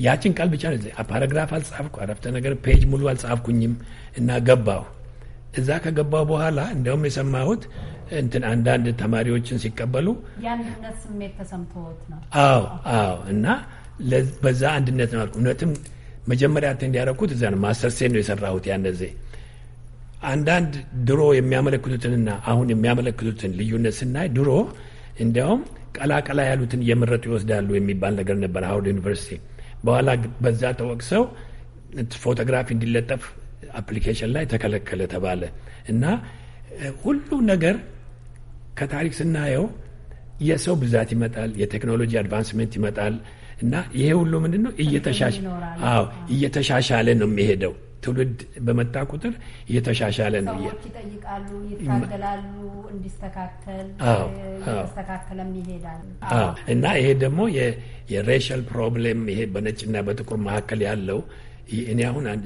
ያችን ቃል ብቻ ፓራግራፍ አልጻፍኩ፣ አረፍተ ነገር ፔጅ ሙሉ አልጻፍኩኝም እና ገባሁ። እዛ ከገባሁ በኋላ እንደውም የሰማሁት እንትን አንዳንድ ተማሪዎችን ሲቀበሉ የአንድነት ስሜት ተሰምቶት ነው። አዎ አዎ። እና በዛ አንድነት ነው አልኩ። እውነትም መጀመሪያ ት እንዲያረኩት እዛ ነው። ማስተር ሴን ነው የሰራሁት ያን ዜ አንዳንድ ድሮ የሚያመለክቱትንና አሁን የሚያመለክቱትን ልዩነት ስናይ ድሮ እንዲያውም ቀላቀላ ያሉትን እየመረጡ ይወስዳሉ የሚባል ነገር ነበር ሀዋርድ ዩኒቨርሲቲ በኋላ በዛ ተወቅሰው ፎቶግራፊ እንዲለጠፍ አፕሊኬሽን ላይ ተከለከለ ተባለ እና ሁሉ ነገር ከታሪክ ስናየው የሰው ብዛት ይመጣል፣ የቴክኖሎጂ አድቫንስመንት ይመጣል እና ይሄ ሁሉ ምንድን ነው እየተሻሻለ ነው የሚሄደው። ትውልድ በመጣ ቁጥር እየተሻሻለ ነው። ሰዎች ይጠይቃሉ፣ ይታገላሉ እንዲስተካከል እየተስተካከለም ይሄዳል እና ይሄ ደግሞ የሬሻል ፕሮብሌም ይሄ በነጭና በጥቁር መካከል ያለው እኔ አሁን አንድ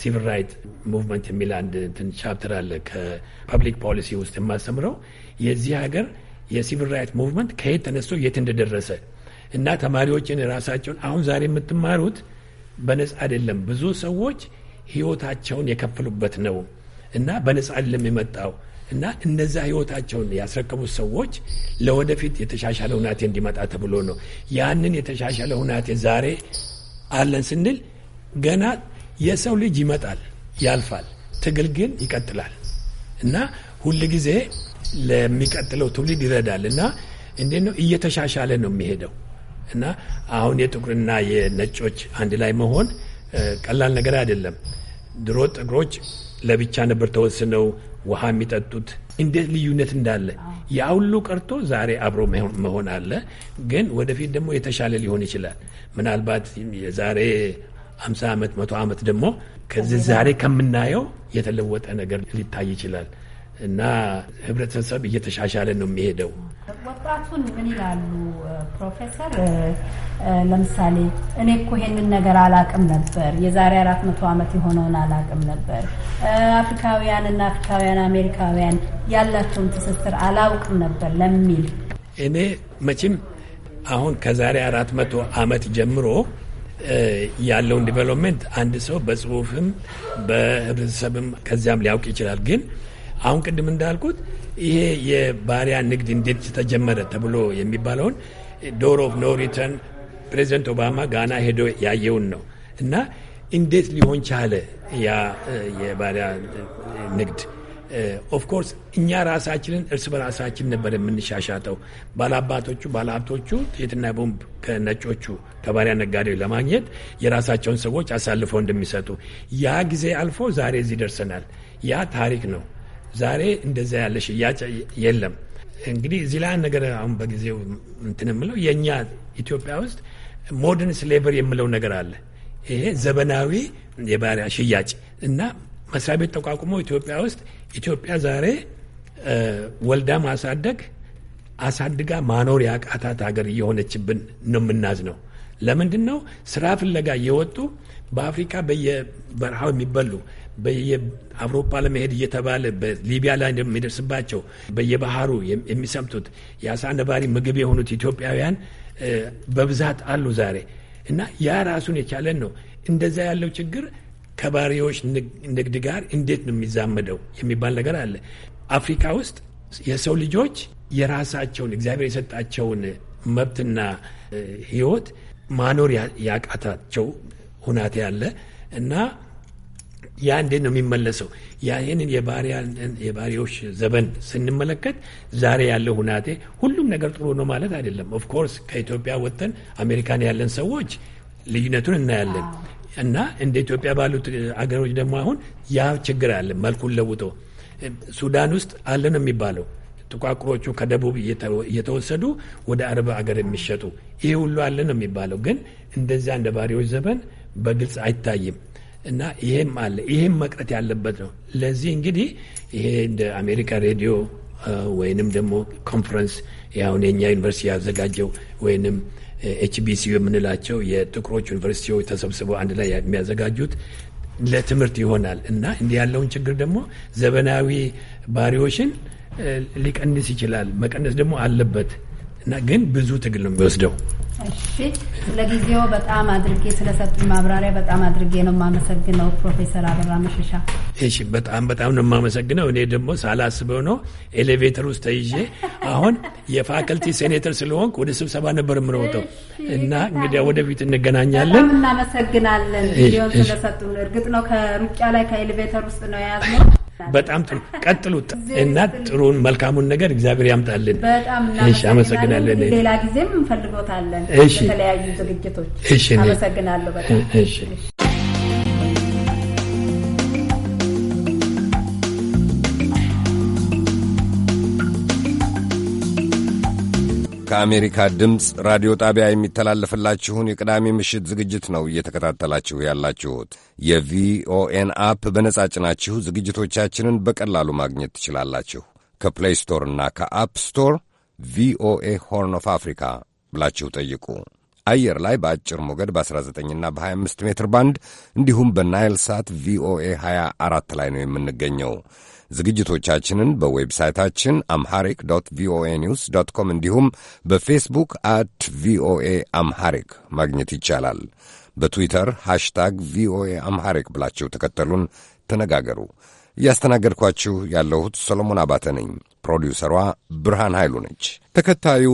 ሲቪል ራይት ሙቭመንት የሚል አንድ እንትን ቻፕተር አለ ከፐብሊክ ፖሊሲ ውስጥ የማስተምረው የዚህ ሀገር የሲቪል ራይት ሙቭመንት ከየት ተነስቶ የት እንደደረሰ እና ተማሪዎችን የራሳቸውን አሁን ዛሬ የምትማሩት በነጻ አይደለም። ብዙ ሰዎች ህይወታቸውን የከፈሉበት ነው እና በነጻ አይደለም የመጣው እና እነዛ ህይወታቸውን ያስረከቡት ሰዎች ለወደፊት የተሻሻለ ሁናቴ እንዲመጣ ተብሎ ነው። ያንን የተሻሻለ ሁናቴ ዛሬ አለን ስንል ገና የሰው ልጅ ይመጣል፣ ያልፋል። ትግል ግን ይቀጥላል እና ጊዜ ለሚቀጥለው ትውልድ ይረዳል እና እንዴ ነው እየተሻሻለ ነው የሚሄደው እና አሁን የጥቁርና የነጮች አንድ ላይ መሆን ቀላል ነገር አይደለም። ድሮ ጠጉሮች ለብቻ ነበር ተወስነው ውሃ የሚጠጡት። እንዴት ልዩነት እንዳለ ያ ሁሉ ቀርቶ ዛሬ አብሮ መሆን አለ። ግን ወደፊት ደግሞ የተሻለ ሊሆን ይችላል። ምናልባት የዛሬ አምሳ ዓመት መቶ ዓመት ደግሞ ከዚህ ዛሬ ከምናየው የተለወጠ ነገር ሊታይ ይችላል። እና ህብረተሰብ እየተሻሻለ ነው የሚሄደው። ወጣቱን ምን ይላሉ ፕሮፌሰር? ለምሳሌ እኔ እኮ ይሄንን ነገር አላቅም ነበር፣ የዛሬ አራት መቶ ዓመት የሆነውን አላቅም ነበር፣ አፍሪካውያን እና አፍሪካውያን አሜሪካውያን ያላቸውን ትስስር አላውቅም ነበር ለሚል እኔ መቼም አሁን ከዛሬ አራት መቶ ዓመት ጀምሮ ያለውን ዲቨሎፕመንት አንድ ሰው በጽሁፍም በህብረተሰብም ከዚያም ሊያውቅ ይችላል ግን አሁን ቅድም እንዳልኩት ይሄ የባሪያ ንግድ እንዴት ተጀመረ ተብሎ የሚባለውን ዶር ኦፍ ኖ ሪተርን ፕሬዚደንት ኦባማ ጋና ሄዶ ያየውን ነው እና እንዴት ሊሆን ቻለ ያ የባሪያ ንግድ? ኦፍኮርስ እኛ ራሳችንን እርስ በራሳችን ነበር የምንሻሻጠው። ባለአባቶቹ ባለሀብቶቹ ጥይትና ቦምብ ከነጮቹ ከባሪያ ነጋዴዎች ለማግኘት የራሳቸውን ሰዎች አሳልፈው እንደሚሰጡ ያ ጊዜ አልፎ ዛሬ እዚህ ደርሰናል። ያ ታሪክ ነው። ዛሬ እንደዚያ ያለ ሽያጭ የለም። እንግዲህ እዚህ ላይ ነገር አሁን በጊዜው እንትን የምለው የእኛ ኢትዮጵያ ውስጥ ሞደርን ስሌቨር የምለው ነገር አለ። ይሄ ዘመናዊ የባሪያ ሽያጭ እና መስሪያ ቤት ተቋቁሞ ኢትዮጵያ ውስጥ ኢትዮጵያ ዛሬ ወልዳ ማሳደግ አሳድጋ ማኖር ያቃታት ሀገር እየሆነችብን ነው የምናዝ ነው። ለምንድን ነው ስራ ፍለጋ እየወጡ በአፍሪካ በየበረሃው የሚበሉ አውሮፓ ለመሄድ እየተባለ በሊቢያ ላይ እንደሚደርስባቸው በየባህሩ የሚሰምቱት የአሳ ነባሪ ምግብ የሆኑት ኢትዮጵያውያን በብዛት አሉ ዛሬ እና ያ ራሱን የቻለን ነው። እንደዛ ያለው ችግር ከባሪዎች ንግድ ጋር እንዴት ነው የሚዛመደው የሚባል ነገር አለ። አፍሪካ ውስጥ የሰው ልጆች የራሳቸውን እግዚአብሔር የሰጣቸውን መብትና ህይወት ማኖር ያቃታቸው ሁናቴ አለ እና ያ እንዴት ነው የሚመለሰው? ይህንን የባሪያዎች ዘበን ስንመለከት ዛሬ ያለው ሁናቴ ሁሉም ነገር ጥሩ ነው ማለት አይደለም። ኦፍኮርስ ከኢትዮጵያ ወጥተን አሜሪካን ያለን ሰዎች ልዩነቱን እናያለን እና እንደ ኢትዮጵያ ባሉት አገሮች ደግሞ አሁን ያ ችግር አለ። መልኩን ለውጦ ሱዳን ውስጥ አለ ነው የሚባለው ጥቋቁሮቹ ከደቡብ እየተወሰዱ ወደ አረብ አገር የሚሸጡ ይህ ሁሉ አለ ነው የሚባለው። ግን እንደዚያ እንደ ባሪዎች ዘበን በግልጽ አይታይም። እና ይሄም አለ። ይሄም መቅረት ያለበት ነው። ለዚህ እንግዲህ ይሄ እንደ አሜሪካ ሬዲዮ ወይንም ደግሞ ኮንፈረንስ ያሁን የኛ ዩኒቨርሲቲ ያዘጋጀው ወይንም ኤችቢሲ የምንላቸው የጥቁሮች ዩኒቨርሲቲዎች ተሰብስበው አንድ ላይ የሚያዘጋጁት ለትምህርት ይሆናል እና እንዲህ ያለውን ችግር ደግሞ ዘመናዊ ባሪዎችን ሊቀንስ ይችላል። መቀነስ ደግሞ አለበት እና ግን ብዙ ትግል ነው የሚወስደው። እሺ ለጊዜው በጣም አድርጌ ስለሰጡኝ ማብራሪያ በጣም አድርጌ ነው የማመሰግነው ፕሮፌሰር አበራ መሸሻ። እሺ በጣም በጣም ነው የማመሰግነው። እኔ ደግሞ ሳላስበው ነው ኤሌቬተር ውስጥ ተይዤ አሁን የፋክልቲ ሴኔተር ስለሆንኩ ወደ ስብሰባ ነበር የምሮጠው እና እንግዲያ ወደፊት እንገናኛለን። እናመሰግናለን ጊዜውን ስለሰጡን። እርግጥ ነው ከሩጫ ላይ ከኤሌቬተር ውስጥ ነው የያዝነው። በጣም ጥሩ ቀጥሉት እና ጥሩን መልካሙን ነገር እግዚአብሔር ያምጣልን። እሺ፣ አመሰግናለን። ሌላ ጊዜም እንፈልጎታለን። እሺ፣ ዝግጅቶች አመሰግናለሁ በጣም። ከአሜሪካ ድምፅ ራዲዮ ጣቢያ የሚተላለፍላችሁን የቅዳሜ ምሽት ዝግጅት ነው እየተከታተላችሁ ያላችሁት። የቪኦኤን አፕ በነጻ ጭናችሁ ዝግጅቶቻችንን በቀላሉ ማግኘት ትችላላችሁ። ከፕሌይ ስቶር እና ከአፕ ስቶር ቪኦኤ ሆርን ኦፍ አፍሪካ ብላችሁ ጠይቁ። አየር ላይ በአጭር ሞገድ በ19ና በ25 ሜትር ባንድ እንዲሁም በናይል ሳት ቪኦኤ 24 ላይ ነው የምንገኘው። ዝግጅቶቻችንን በዌብሳይታችን አምሐሪክ ዶት ቪኦኤ ኒውስ ዶት ኮም እንዲሁም በፌስቡክ አት ቪኦኤ አምሐሪክ ማግኘት ይቻላል። በትዊተር ሃሽታግ ቪኦኤ አምሐሪክ ብላችሁ ተከተሉን፣ ተነጋገሩ። እያስተናገድኳችሁ ያለሁት ሰሎሞን አባተ ነኝ። ፕሮዲውሰሯ ብርሃን ኃይሉ ነች። ተከታዩ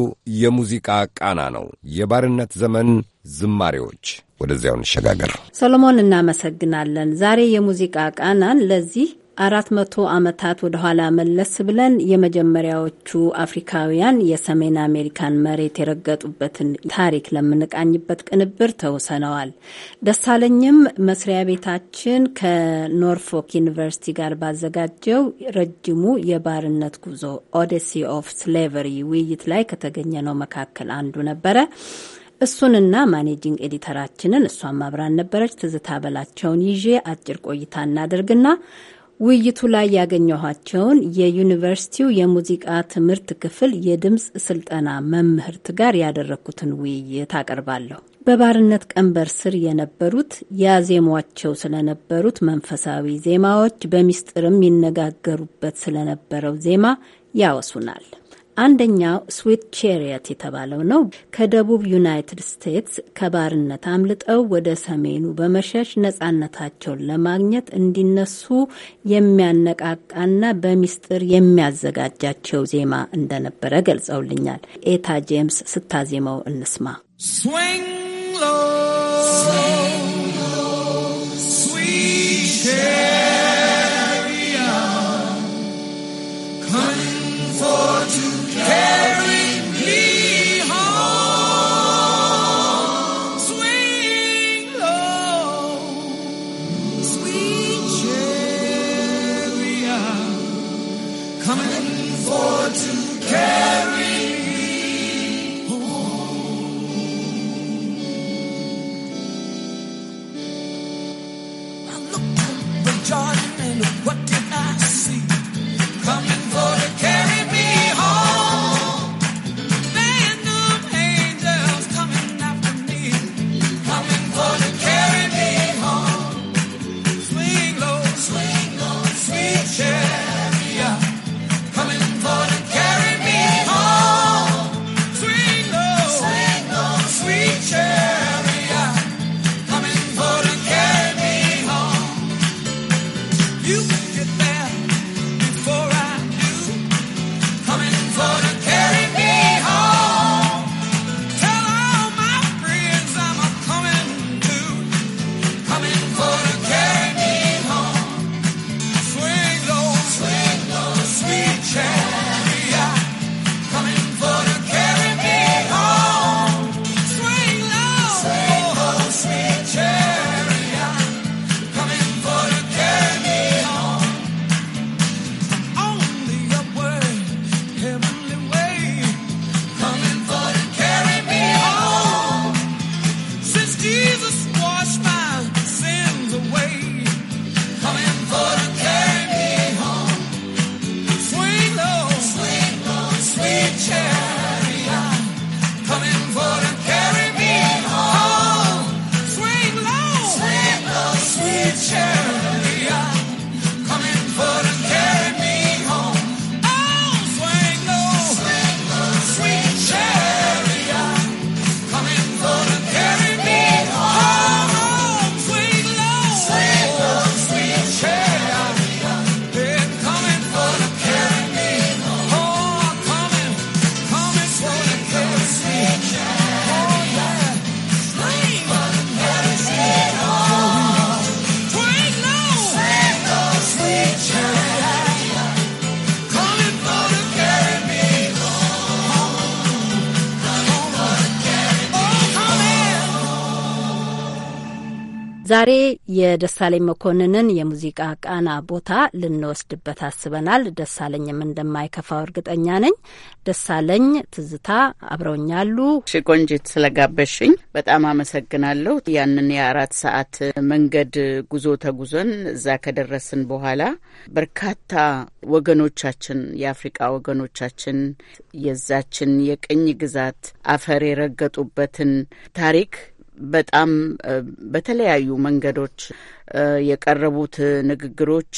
የሙዚቃ ቃና ነው። የባርነት ዘመን ዝማሬዎች። ወደዚያው እንሸጋገር። ሰሎሞን እናመሰግናለን። ዛሬ የሙዚቃ ቃናን ለዚህ አራት መቶ ዓመታት ወደ ኋላ መለስ ብለን የመጀመሪያዎቹ አፍሪካውያን የሰሜን አሜሪካን መሬት የረገጡበትን ታሪክ ለምንቃኝበት ቅንብር ተውሰነዋል። ደሳለኝም መስሪያ ቤታችን ከኖርፎክ ዩኒቨርሲቲ ጋር ባዘጋጀው ረጅሙ የባርነት ጉዞ ኦዴሲ ኦፍ ስሌቨሪ ውይይት ላይ ከተገኘ ነው መካከል አንዱ ነበረ። እሱንና ማኔጂንግ ኤዲተራችንን እሷን ማብራን ነበረች። ትዝታ በላቸውን ይዤ አጭር ቆይታ እናደርግና ውይይቱ ላይ ያገኘኋቸውን የዩኒቨርሲቲው የሙዚቃ ትምህርት ክፍል የድምፅ ስልጠና መምህርት ጋር ያደረግኩትን ውይይት አቀርባለሁ። በባርነት ቀንበር ስር የነበሩት ያዜሟቸው ስለነበሩት መንፈሳዊ ዜማዎች፣ በሚስጥርም ይነጋገሩበት ስለነበረው ዜማ ያወሱናል። አንደኛው ስዊት ቼሪየት የተባለው ነው። ከደቡብ ዩናይትድ ስቴትስ ከባርነት አምልጠው ወደ ሰሜኑ በመሸሽ ነጻነታቸውን ለማግኘት እንዲነሱ የሚያነቃቃና በሚስጥር የሚያዘጋጃቸው ዜማ እንደነበረ ገልጸውልኛል። ኤታ ጄምስ ስታዜመው እንስማ። Swing low, swing carry የደሳለኝ መኮንንን የሙዚቃ ቃና ቦታ ልንወስድበት አስበናል። ደሳለኝም እንደማይከፋው እርግጠኛ ነኝ። ደሳለኝ ትዝታ አብረውኛሉ። እሺ ቆንጂት፣ ስለጋበሽኝ በጣም አመሰግናለሁ። ያንን የአራት ሰዓት መንገድ ጉዞ ተጉዘን እዛ ከደረስን በኋላ በርካታ ወገኖቻችን የአፍሪቃ ወገኖቻችን የዛችን የቅኝ ግዛት አፈር የረገጡበትን ታሪክ በጣም በተለያዩ መንገዶች የቀረቡት ንግግሮች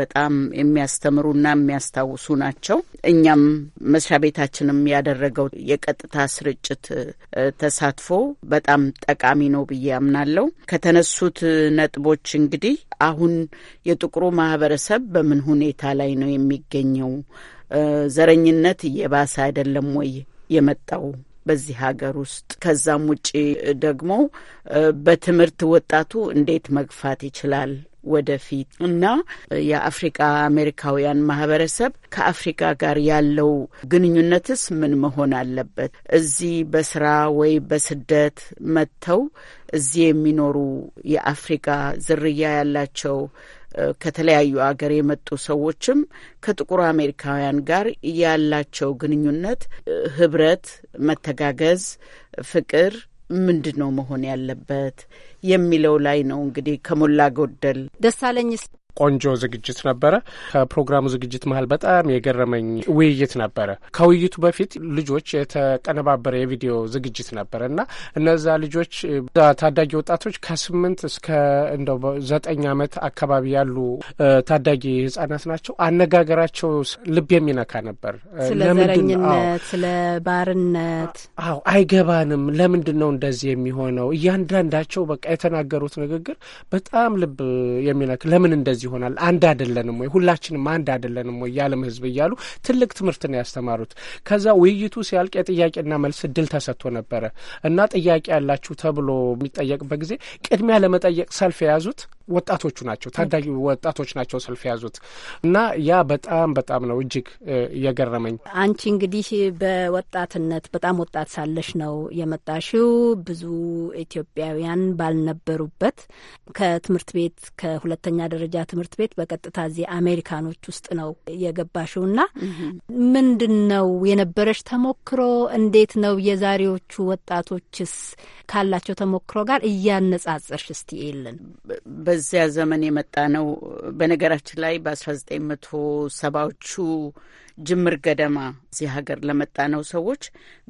በጣም የሚያስተምሩና የሚያስታውሱ ናቸው። እኛም መስሪያ ቤታችንም ያደረገው የቀጥታ ስርጭት ተሳትፎ በጣም ጠቃሚ ነው ብዬ አምናለሁ። ከተነሱት ነጥቦች እንግዲህ አሁን የጥቁሩ ማህበረሰብ በምን ሁኔታ ላይ ነው የሚገኘው? ዘረኝነት እየባሰ አይደለም ወይ የመጣው በዚህ ሀገር ውስጥ። ከዛም ውጪ ደግሞ በትምህርት ወጣቱ እንዴት መግፋት ይችላል ወደፊት እና የአፍሪቃ አሜሪካውያን ማህበረሰብ ከአፍሪካ ጋር ያለው ግንኙነትስ ምን መሆን አለበት? እዚህ በስራ ወይ በስደት መጥተው እዚህ የሚኖሩ የአፍሪካ ዝርያ ያላቸው ከተለያዩ አገር የመጡ ሰዎችም ከጥቁር አሜሪካውያን ጋር ያላቸው ግንኙነት ህብረት፣ መተጋገዝ፣ ፍቅር ምንድን ነው መሆን ያለበት የሚለው ላይ ነው። እንግዲህ ከሞላ ጎደል ደሳለኝስ ቆንጆ ዝግጅት ነበረ። ከፕሮግራሙ ዝግጅት መሀል በጣም የገረመኝ ውይይት ነበረ። ከውይይቱ በፊት ልጆች የተቀነባበረ የቪዲዮ ዝግጅት ነበረ እና እነዛ ልጆች ታዳጊ ወጣቶች ከስምንት እስከ እንደው ዘጠኝ ዓመት አካባቢ ያሉ ታዳጊ ህጻናት ናቸው። አነጋገራቸው ልብ የሚነካ ነበር። ስለ ዘረኝነት፣ ስለ ባርነት አዎ አይገባንም። ለምንድን ነው እንደዚህ የሚሆነው? እያንዳንዳቸው በቃ የተናገሩት ንግግር በጣም ልብ የሚነካ ለምን እንደዚህ እንደዚህ ይሆናል፣ አንድ አይደለንም ወይ ሁላችንም አንድ አይደለንም ወይ የዓለም ህዝብ እያሉ ትልቅ ትምህርት ነው ያስተማሩት። ከዛ ውይይቱ ሲያልቅ የጥያቄና መልስ እድል ተሰጥቶ ነበረ እና ጥያቄ ያላችሁ ተብሎ የሚጠየቅበት ጊዜ ቅድሚያ ለመጠየቅ ሰልፍ የያዙት ወጣቶቹ ናቸው ታዳጊ ወጣቶች ናቸው ሰልፍ የያዙት እና ያ በጣም በጣም ነው እጅግ የገረመኝ። አንቺ እንግዲህ በወጣትነት በጣም ወጣት ሳለሽ ነው የመጣሽው ብዙ ኢትዮጵያውያን ባልነበሩበት ከትምህርት ቤት ከሁለተኛ ደረጃ ትምህርት ቤት በቀጥታ እዚህ አሜሪካኖች ውስጥ ነው የገባሽው እና ምንድን ነው የነበረሽ ተሞክሮ? እንዴት ነው የዛሬዎቹ ወጣቶችስ ካላቸው ተሞክሮ ጋር እያነጻጸርሽ እስቲ የለን በዚያ ዘመን የመጣ ነው። በነገራችን ላይ በአስራ ዘጠኝ መቶ ሰባዎቹ ጅምር ገደማ እዚህ ሀገር ለመጣ ነው ሰዎች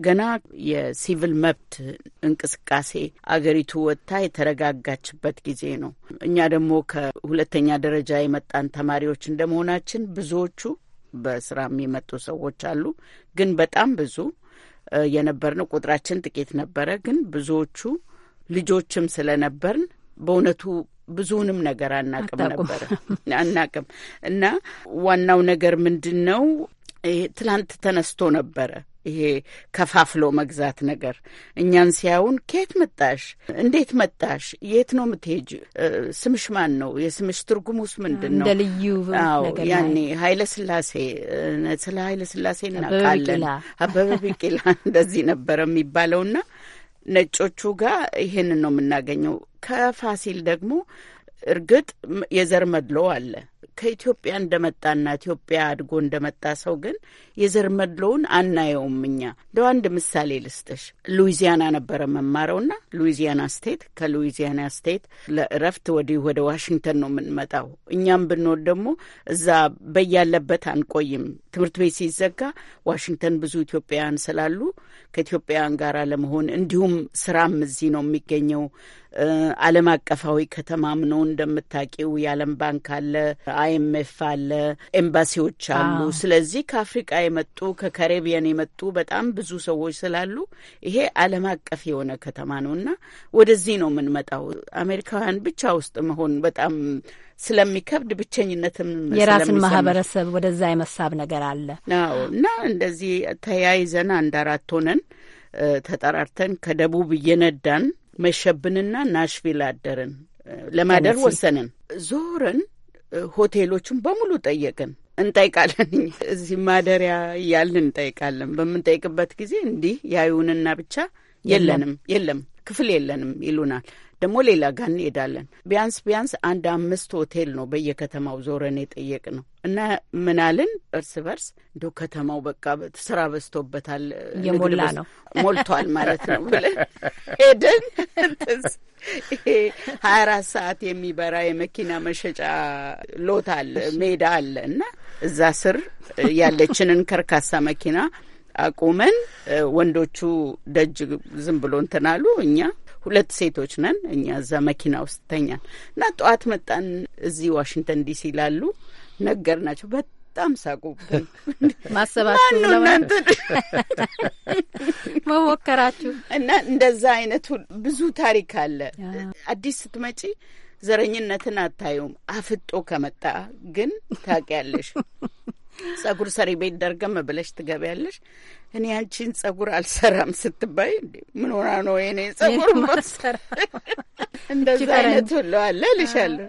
ገና የሲቪል መብት እንቅስቃሴ አገሪቱ ወጥታ የተረጋጋችበት ጊዜ ነው። እኛ ደግሞ ከሁለተኛ ደረጃ የመጣን ተማሪዎች እንደመሆናችን ብዙዎቹ በስራም የመጡ ሰዎች አሉ፣ ግን በጣም ብዙ የነበርነው ቁጥራችን ጥቂት ነበረ። ግን ብዙዎቹ ልጆችም ስለነበርን በእውነቱ ብዙውንም ነገር አናቅም ነበር አናቅም እና ዋናው ነገር ምንድን ነው ይሄ ትላንት ተነስቶ ነበረ ይሄ ከፋፍሎ መግዛት ነገር እኛን ሲያዩን ከየት መጣሽ? እንዴት መጣሽ? የት ነው የምትሄጅ? ስምሽ ማን ነው? የስምሽ ትርጉሙስ ምንድን ነው? ልዩ ያኔ ኃይለ ስላሴ ስለ ኃይለ ስላሴ እናቃለን። አበበ ቢቂላ እንደዚህ ነበረ የሚባለውና ነጮቹ ጋር ይሄንን ነው የምናገኘው። ከፋሲል ደግሞ እርግጥ የዘር መድሎ አለ። ከኢትዮጵያ እንደመጣና ኢትዮጵያ አድጎ እንደመጣ ሰው ግን የዘር መድሎውን አናየውም። እኛ እንደው አንድ ምሳሌ ልስጥሽ። ሉዊዚያና ነበረ መማረውና ሉዊዚያና ስቴት፣ ከሉዊዚያና ስቴት ለእረፍት ወዲህ ወደ ዋሽንግተን ነው የምንመጣው። እኛም ብንወድ ደግሞ እዛ በያለበት አንቆይም። ትምህርት ቤት ሲዘጋ ዋሽንግተን ብዙ ኢትዮጵያውያን ስላሉ ከኢትዮጵያውያን ጋር ለመሆን እንዲሁም ስራም እዚህ ነው የሚገኘው ዓለም አቀፋዊ ከተማም ነው እንደምታቂው። የዓለም ባንክ አለ፣ አይኤምኤፍ አለ፣ ኤምባሲዎች አሉ። ስለዚህ ከአፍሪቃ የመጡ ከካሪቢያን የመጡ በጣም ብዙ ሰዎች ስላሉ ይሄ ዓለም አቀፍ የሆነ ከተማ ነው እና ወደዚህ ነው የምንመጣው። አሜሪካውያን ብቻ ውስጥ መሆን በጣም ስለሚከብድ ብቸኝነትም የራስን ማህበረሰብ ወደዛ የመሳብ ነገር አለ እና እንደዚህ ተያይዘን አንድ አራት ሆነን ተጠራርተን ከደቡብ እየነዳን መሸብንና ናሽቪል አደርን። ለማደር ወሰንን። ዞርን። ሆቴሎቹን በሙሉ ጠየቅን። እንጠይቃለን እዚህ ማደሪያ እያልን እንጠይቃለን። በምንጠይቅበት ጊዜ እንዲህ ያዩንና ብቻ የለንም፣ የለም ክፍል የለንም ይሉናል። ደግሞ ሌላ ጋር እንሄዳለን። ቢያንስ ቢያንስ አንድ አምስት ሆቴል ነው በየከተማው ዞረን የጠየቅ ነው እና ምናልን እርስ በርስ እንደ ከተማው በቃ ስራ በዝቶበታል የሞላ ነው ሞልቷል ማለት ነው ብለን ሄደን ይሄ ሀያ አራት ሰዓት የሚበራ የመኪና መሸጫ ሎት አለ ሜዳ አለ እና እዛ ስር ያለችንን ከርካሳ መኪና አቁመን ወንዶቹ ደጅ ዝም ብሎ እንትን አሉ እኛ ሁለት ሴቶች ነን እኛ እዛ መኪና ውስጥ ተኛን እና ጠዋት መጣን እዚህ ዋሽንግተን ዲሲ ላሉ ነገር ናቸው። በጣም ሳቁብን። ማሰባችሁ መሞከራችሁ እና እንደዛ አይነቱ ብዙ ታሪክ አለ። አዲስ ስትመጪ ዘረኝነትን አታዩም። አፍጦ ከመጣ ግን ታውቂያለሽ። ጸጉር ሰሪ ቤት ደርገም ብለሽ ትገቢያለሽ። እኔ አንቺን ጸጉር አልሰራም ስትባይ ምን ሆና ነው የኔ ጸጉር ማሰራ? እንደዛ አይነት ሁለዋለ ልሻለሁ።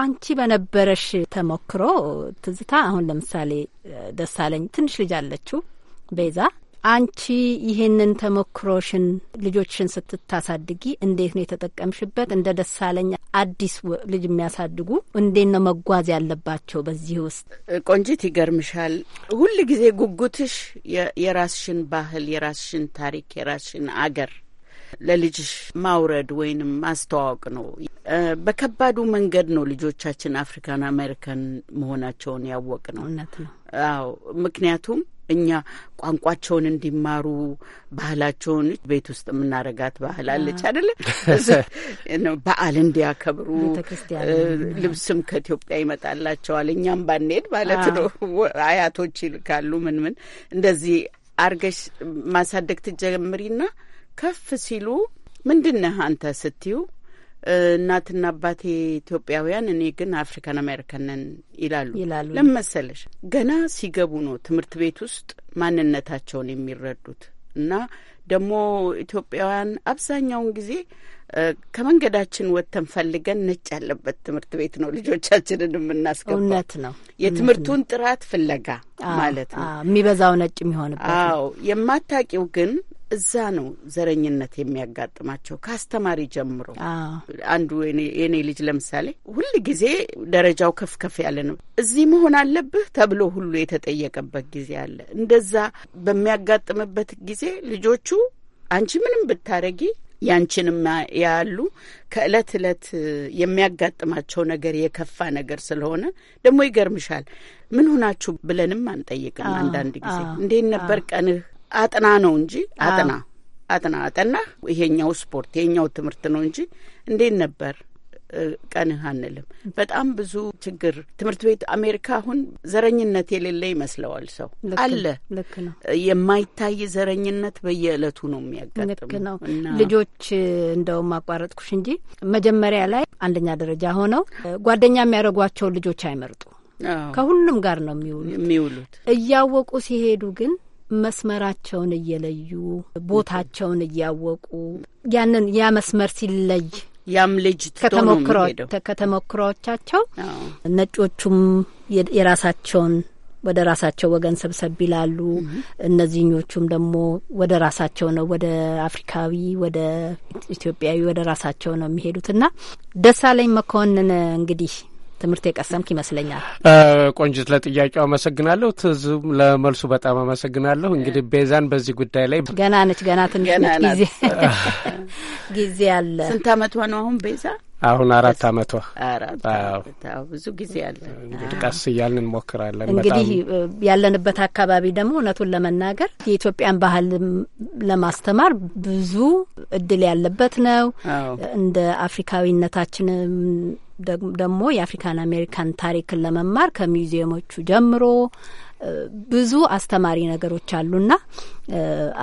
አንቺ በነበረሽ ተሞክሮ ትዝታ፣ አሁን ለምሳሌ ደሳለኝ ትንሽ ልጅ አለችው ቤዛ አንቺ ይሄንን ተሞክሮሽን ልጆችን ስትታሳድጊ እንዴት ነው የተጠቀምሽበት? እንደ ደሳለኝ አዲስ ልጅ የሚያሳድጉ እንዴት ነው መጓዝ ያለባቸው በዚህ ውስጥ? ቆንጂት ይገርምሻል። ሁል ጊዜ ጉጉትሽ የራስሽን ባህል፣ የራስሽን ታሪክ፣ የራስሽን አገር ለልጅሽ ማውረድ ወይንም ማስተዋወቅ ነው። በከባዱ መንገድ ነው ልጆቻችን አፍሪካን አሜሪካን መሆናቸውን ያወቅ ነው። እውነት ነው። አዎ ምክንያቱም እኛ ቋንቋቸውን እንዲማሩ ባህላቸውን ቤት ውስጥ የምናረጋት ባህል አለች አደለ? በዓል እንዲያከብሩ ልብስም ከኢትዮጵያ ይመጣላቸዋል። እኛም ባንሄድ ማለት ነው አያቶች ይልካሉ። ምን ምን እንደዚህ አርገሽ ማሳደግ ትጀምሪና ከፍ ሲሉ ምንድነህ አንተ ስትዩ እናትና አባቴ ኢትዮጵያውያን፣ እኔ ግን አፍሪካን አሜሪካን ነን ይላሉ። ለምን መሰለሽ? ገና ሲገቡ ነው ትምህርት ቤት ውስጥ ማንነታቸውን የሚረዱት እና ደግሞ ኢትዮጵያውያን አብዛኛውን ጊዜ ከመንገዳችን ወጥተን ፈልገን ነጭ ያለበት ትምህርት ቤት ነው ልጆቻችንን የምናስገባው። እውነት ነው። የትምህርቱን ጥራት ፍለጋ ማለት ነው። የሚበዛው ነጭ የሚሆንበት። አዎ የማታውቂው ግን እዛ ነው ዘረኝነት የሚያጋጥማቸው ከአስተማሪ ጀምሮ። አንዱ የኔ ልጅ ለምሳሌ ሁል ጊዜ ደረጃው ከፍ ከፍ ያለ ነው፣ እዚህ መሆን አለብህ ተብሎ ሁሉ የተጠየቀበት ጊዜ አለ። እንደዛ በሚያጋጥምበት ጊዜ ልጆቹ አንቺ ምንም ብታረጊ ያንቺንም ያሉ ከእለት እለት የሚያጋጥማቸው ነገር የከፋ ነገር ስለሆነ ደግሞ ይገርምሻል ምን ሆናችሁ ብለንም አንጠይቅም። አንዳንድ ጊዜ እንዴት ነበር ቀንህ አጥና ነው እንጂ አጥና አጥና አጠና ይሄኛው ስፖርት ይሄኛው ትምህርት ነው እንጂ እንዴት ነበር ቀንህ አንልም። በጣም ብዙ ችግር ትምህርት ቤት አሜሪካ አሁን ዘረኝነት የሌለ ይመስለዋል ሰው አለ። ልክ ነው። የማይታይ ዘረኝነት በየዕለቱ ነው የሚያጋጥም። ልክ ነው። ልጆች እንደውም አቋረጥኩሽ እንጂ መጀመሪያ ላይ አንደኛ ደረጃ ሆነው ጓደኛ የሚያደርጓቸውን ልጆች አይመርጡ ከሁሉም ጋር ነው የሚውሉት። እያወቁ ሲሄዱ ግን መስመራቸውን እየለዩ ቦታቸውን እያወቁ ያንን ያ መስመር ሲለይ ያም ልጅ ከተሞክሮዎቻቸው ነጮቹም የራሳቸውን ወደ ራሳቸው ወገን ሰብሰብ ይላሉ። እነዚህኞቹም ደግሞ ወደ ራሳቸው ነው፣ ወደ አፍሪካዊ፣ ወደ ኢትዮጵያዊ፣ ወደ ራሳቸው ነው የሚሄዱትና ደሳለኝ መኮንን እንግዲህ ትምህርት የቀሰምክ ይመስለኛል። ቆንጅት፣ ለጥያቄው አመሰግናለሁ። ትዝም ለመልሱ በጣም አመሰግናለሁ። እንግዲህ ቤዛን በዚህ ጉዳይ ላይ ገና ነች፣ ገና ትንሽ ጊዜ ጊዜ አለ። ስንት አመቷ ነው አሁን ቤዛ? አሁን አራት አመቷ ብዙ ጊዜ አለ። እንግዲህ ቀስ እያልን እንሞክራለን። እንግዲህ ያለንበት አካባቢ ደግሞ እውነቱን ለመናገር የኢትዮጵያን ባህል ለማስተማር ብዙ እድል ያለበት ነው። እንደ አፍሪካዊነታችን ደግሞ የአፍሪካን አሜሪካን ታሪክን ለመማር ከሚውዚየሞቹ ጀምሮ ብዙ አስተማሪ ነገሮች አሉና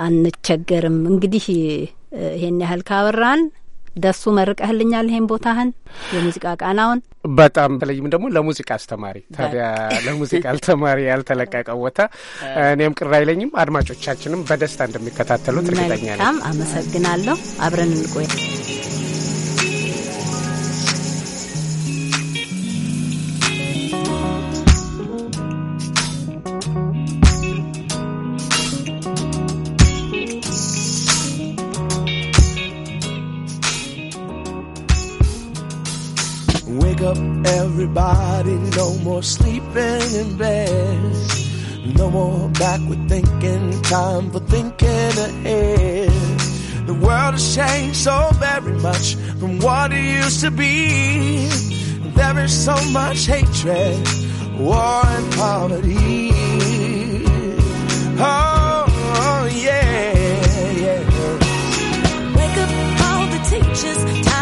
አንቸገርም። እንግዲህ ይሄን ያህል ካወራን ደሱ መርቀህልኛል ይሄን ቦታህን የሙዚቃ ቃናውን በጣም በተለይም ደግሞ ለሙዚቃ አስተማሪ ታዲያ ለሙዚቃ አልተማሪ ያልተለቀቀ ቦታ እኔም ቅር አይለኝም። አድማጮቻችንም በደስታ እንደሚከታተሉት እርግጠኛ ነኝ። በጣም አመሰግናለሁ። አብረን እንቆያ። Everybody, no more sleeping in bed. No more backward thinking, time for thinking ahead. The world has changed so very much from what it used to be. There is so much hatred, war and poverty. Oh, yeah, yeah. Wake up all the teachers,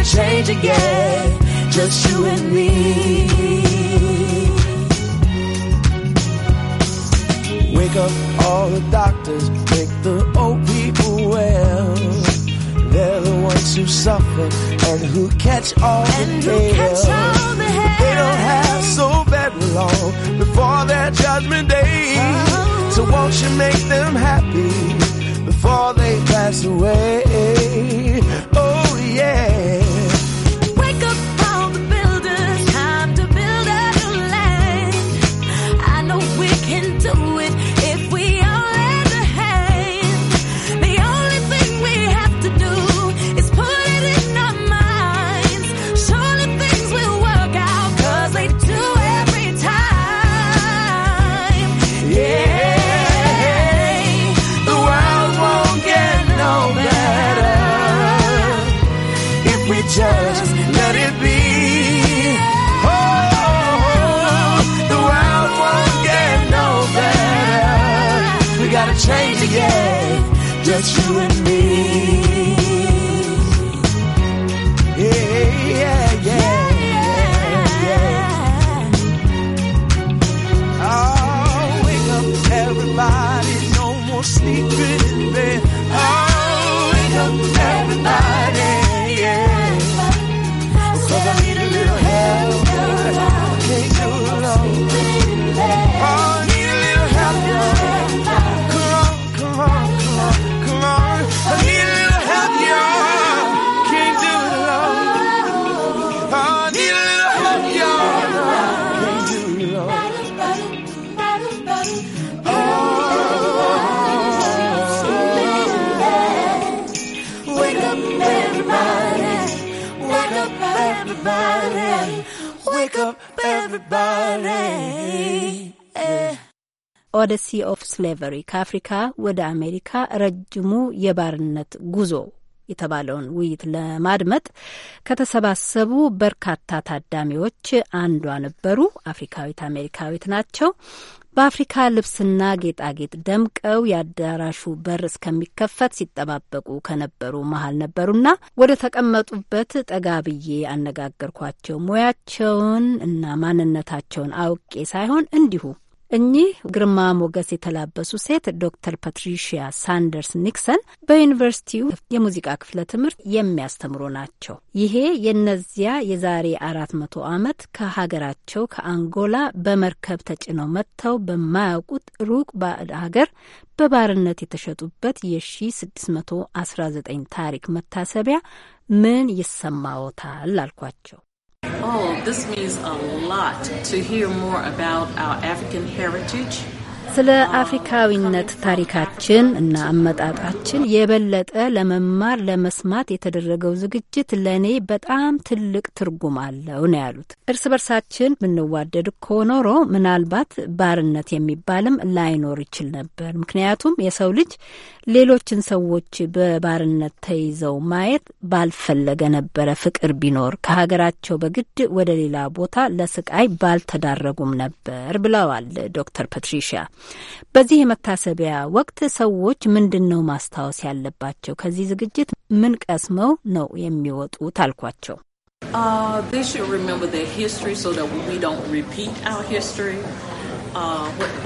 gonna change again. Just you and me. Wake up all the doctors, make the old people well. They're the ones who suffer and who catch all and the hell. They don't have so very long before their judgment day. Oh. So won't you make them happy before they pass away? Oh yeah. ኦደሲ ኦፍ ስሌቨሪ ከአፍሪካ ወደ አሜሪካ ረጅሙ የባርነት ጉዞ የተባለውን ውይይት ለማድመጥ ከተሰባሰቡ በርካታ ታዳሚዎች አንዷ ነበሩ። አፍሪካዊት አሜሪካዊት ናቸው። በአፍሪካ ልብስና ጌጣጌጥ ደምቀው የአዳራሹ በር እስከሚከፈት ሲጠባበቁ ከነበሩ መሀል ነበሩና ወደ ተቀመጡበት ጠጋ ብዬ አነጋገርኳቸው። ሙያቸውን እና ማንነታቸውን አውቄ ሳይሆን እንዲሁ እኚህ ግርማ ሞገስ የተላበሱ ሴት ዶክተር ፓትሪሺያ ሳንደርስ ኒክሰን በዩኒቨርሲቲው የሙዚቃ ክፍለ ትምህርት የሚያስተምሩ ናቸው። ይሄ የእነዚያ የዛሬ አራት መቶ ዓመት ከሀገራቸው ከአንጎላ በመርከብ ተጭነው መጥተው በማያውቁት ሩቅ ባዕድ ሀገር በባርነት የተሸጡበት የ1619 ታሪክ መታሰቢያ ምን ይሰማዎታል አልኳቸው። Oh, this means a lot to hear more about our African heritage. ስለ አፍሪካዊነት ታሪካችን እና አመጣጣችን የበለጠ ለመማር ለመስማት የተደረገው ዝግጅት ለእኔ በጣም ትልቅ ትርጉም አለው ነው ያሉት። እርስ በርሳችን ብንዋደድ እኮ ኖሮ ምናልባት ባርነት የሚባልም ላይኖር ይችል ነበር። ምክንያቱም የሰው ልጅ ሌሎችን ሰዎች በባርነት ተይዘው ማየት ባልፈለገ ነበረ። ፍቅር ቢኖር ከሀገራቸው በግድ ወደ ሌላ ቦታ ለስቃይ ባልተዳረጉም ነበር ብለዋል ዶክተር ፐትሪሺያ በዚህ የመታሰቢያ ወቅት ሰዎች ምንድን ነው ማስታወስ ያለባቸው? ከዚህ ዝግጅት ምን ቀስመው ነው የሚወጡት? አልኳቸው። uh,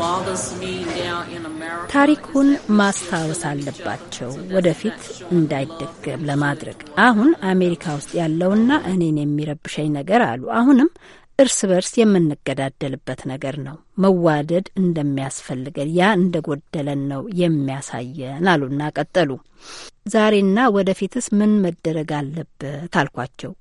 uh, ታሪኩን ማስታወስ አለባቸው ወደፊት እንዳይደገም ለማድረግ። አሁን አሜሪካ ውስጥ ያለውና እኔን የሚረብሸኝ ነገር አሉ አሁንም እርስ በርስ የምንገዳደልበት ነገር ነው። መዋደድ እንደሚያስፈልገን ያ እንደ ጎደለን ነው የሚያሳየን አሉና ቀጠሉ። ዛሬና ወደፊትስ ምን መደረግ አለበት አልኳቸው።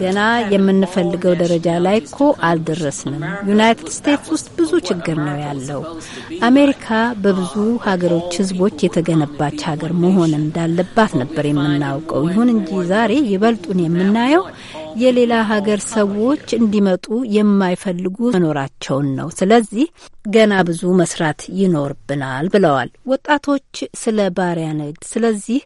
ገና የምንፈልገው ደረጃ ላይ እኮ አልደረስንም። ዩናይትድ ስቴትስ ውስጥ ብዙ ችግር ነው ያለው። አሜሪካ በብዙ ሀገሮች ህዝቦች የተገነባች ሀገር መሆን እንዳለባት ነበር የምናውቀው። ይሁን እንጂ ዛሬ ይበልጡን የምናየው የሌላ ሀገር ሰዎች እንዲመጡ የማይፈልጉ መኖራቸውን ነው። ስለዚህ ገና ብዙ መስራት ይኖርብናል ብለዋል ወጣቶች ስለ ባሪያ ንግድ። ስለዚህ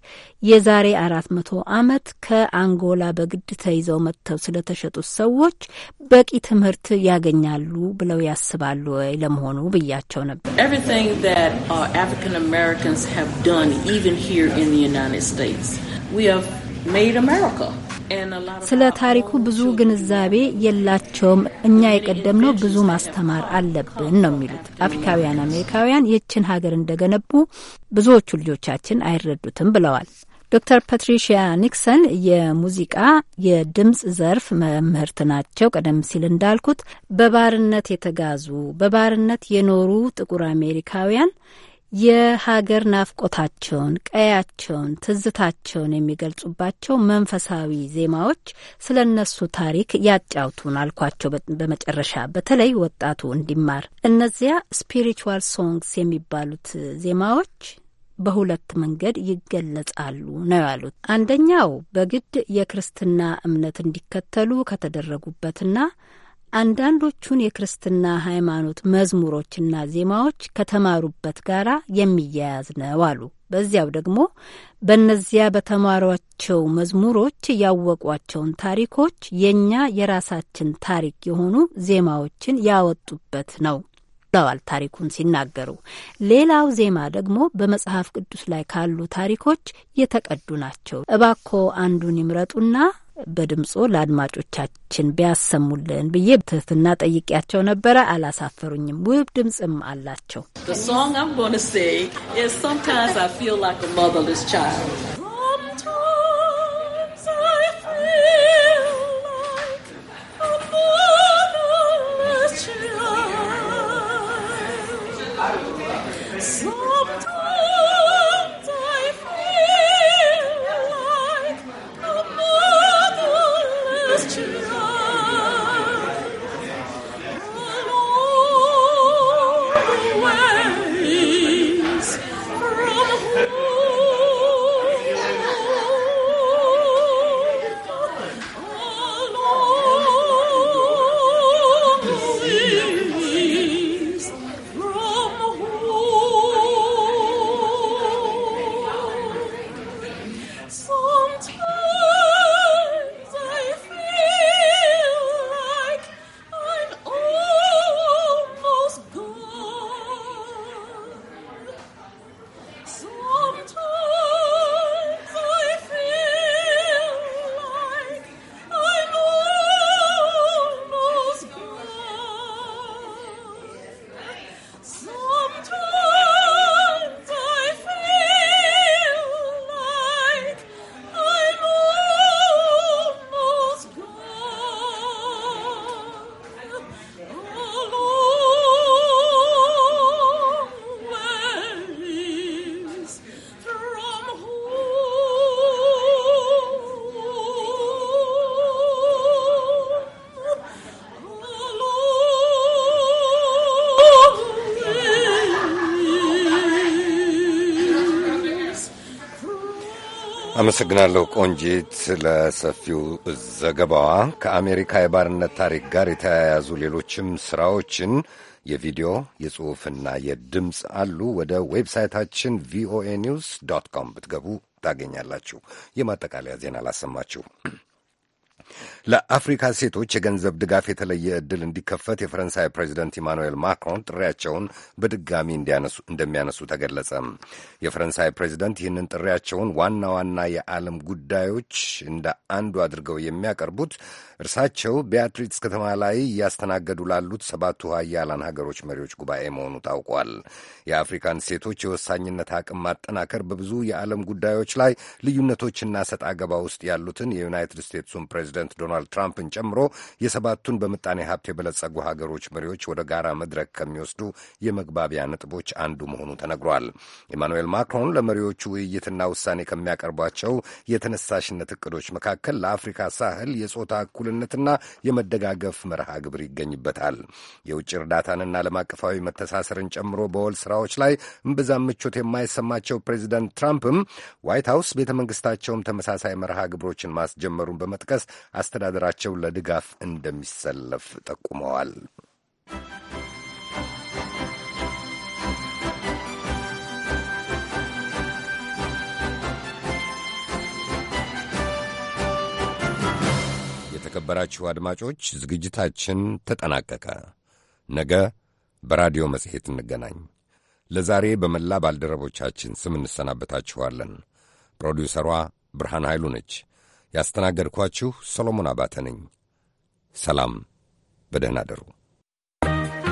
የዛሬ አራት መቶ ዓመት ከአንጎላ በግድ ተይዘው መ ወጥተው ስለተሸጡት ሰዎች በቂ ትምህርት ያገኛሉ ብለው ያስባሉ ወይ ለመሆኑ ብያቸው ነበር። uh, ስለ ታሪኩ ብዙ ግንዛቤ የላቸውም። እኛ የቀደምነው ብዙ ማስተማር አለብን ነው የሚሉት አፍሪካውያን አሜሪካውያን። ይህችን ሀገር እንደገነቡ ብዙዎቹ ልጆቻችን አይረዱትም ብለዋል። ዶክተር ፓትሪሺያ ኒክሰን የሙዚቃ የድምፅ ዘርፍ መምህርት ናቸው። ቀደም ሲል እንዳልኩት በባርነት የተጋዙ በባርነት የኖሩ ጥቁር አሜሪካውያን የሀገር ናፍቆታቸውን፣ ቀያቸውን፣ ትዝታቸውን የሚገልጹባቸው መንፈሳዊ ዜማዎች ስለ እነሱ ታሪክ ያጫውቱን አልኳቸው። በመጨረሻ በተለይ ወጣቱ እንዲማር እነዚያ ስፒሪቹዋል ሶንግስ የሚባሉት ዜማዎች በሁለት መንገድ ይገለጻሉ ነው ያሉት። አንደኛው በግድ የክርስትና እምነት እንዲከተሉ ከተደረጉበትና አንዳንዶቹን የክርስትና ሃይማኖት መዝሙሮችና ዜማዎች ከተማሩበት ጋር የሚያያዝ ነው አሉ። በዚያው ደግሞ በእነዚያ በተማሯቸው መዝሙሮች ያወቋቸውን ታሪኮች የእኛ የራሳችን ታሪክ የሆኑ ዜማዎችን ያወጡበት ነው ብለዋል ታሪኩን ሲናገሩ። ሌላው ዜማ ደግሞ በመጽሐፍ ቅዱስ ላይ ካሉ ታሪኮች የተቀዱ ናቸው። እባኮ አንዱን ይምረጡና በድምጾ ለአድማጮቻችን ቢያሰሙልን ብዬ ትህትና ጠይቄያቸው ነበረ። አላሳፈሩኝም። ውብ ድምፅም አላቸው። አመሰግናለሁ ቆንጂት ለሰፊው ዘገባዋ። ከአሜሪካ የባርነት ታሪክ ጋር የተያያዙ ሌሎችም ሥራዎችን የቪዲዮ የጽሑፍና የድምፅ አሉ። ወደ ዌብሳይታችን ቪኦኤ ኒውስ ዶት ኮም ብትገቡ ታገኛላችሁ። የማጠቃለያ ዜና አላሰማችሁ። ለአፍሪካ ሴቶች የገንዘብ ድጋፍ የተለየ ዕድል እንዲከፈት የፈረንሳይ ፕሬዚደንት ኢማኑኤል ማክሮን ጥሪያቸውን በድጋሚ እንደሚያነሱ ተገለጸ። የፈረንሳይ ፕሬዚደንት ይህንን ጥሪያቸውን ዋና ዋና የዓለም ጉዳዮች እንደ አንዱ አድርገው የሚያቀርቡት እርሳቸው ቢያትሪትስ ከተማ ላይ እያስተናገዱ ላሉት ሰባቱ ሀያላን ሀገሮች መሪዎች ጉባኤ መሆኑ ታውቋል። የአፍሪካን ሴቶች የወሳኝነት አቅም ማጠናከር በብዙ የዓለም ጉዳዮች ላይ ልዩነቶችና ሰጥ አገባ ውስጥ ያሉትን የዩናይትድ ስቴትሱን ፕሬዚደንት ዶናልድ ትራምፕን ጨምሮ የሰባቱን በምጣኔ ሀብት የበለጸጉ ሀገሮች መሪዎች ወደ ጋራ መድረክ ከሚወስዱ የመግባቢያ ነጥቦች አንዱ መሆኑ ተነግሯል። ኢማኑኤል ማክሮን ለመሪዎቹ ውይይትና ውሳኔ ከሚያቀርቧቸው የተነሳሽነት እቅዶች መካከል ለአፍሪካ ሳህል የጾታ እኩል አጋርነትና የመደጋገፍ መርሃ ግብር ይገኝበታል። የውጭ እርዳታንና ዓለም አቀፋዊ መተሳሰርን ጨምሮ በወል ስራዎች ላይ እምብዛም ምቾት የማይሰማቸው ፕሬዚደንት ትራምፕም ዋይት ሀውስ ቤተ መንግስታቸውም ተመሳሳይ መርሃ ግብሮችን ማስጀመሩን በመጥቀስ አስተዳደራቸው ለድጋፍ እንደሚሰለፍ ጠቁመዋል። የተከበራችሁ አድማጮች ዝግጅታችን ተጠናቀቀ። ነገ በራዲዮ መጽሔት እንገናኝ። ለዛሬ በመላ ባልደረቦቻችን ስም እንሰናበታችኋለን። ፕሮዲውሰሯ ብርሃን ኃይሉ ነች። ያስተናገድኳችሁ ሰሎሞን አባተ ነኝ። ሰላም፣ በደህና አደሩ።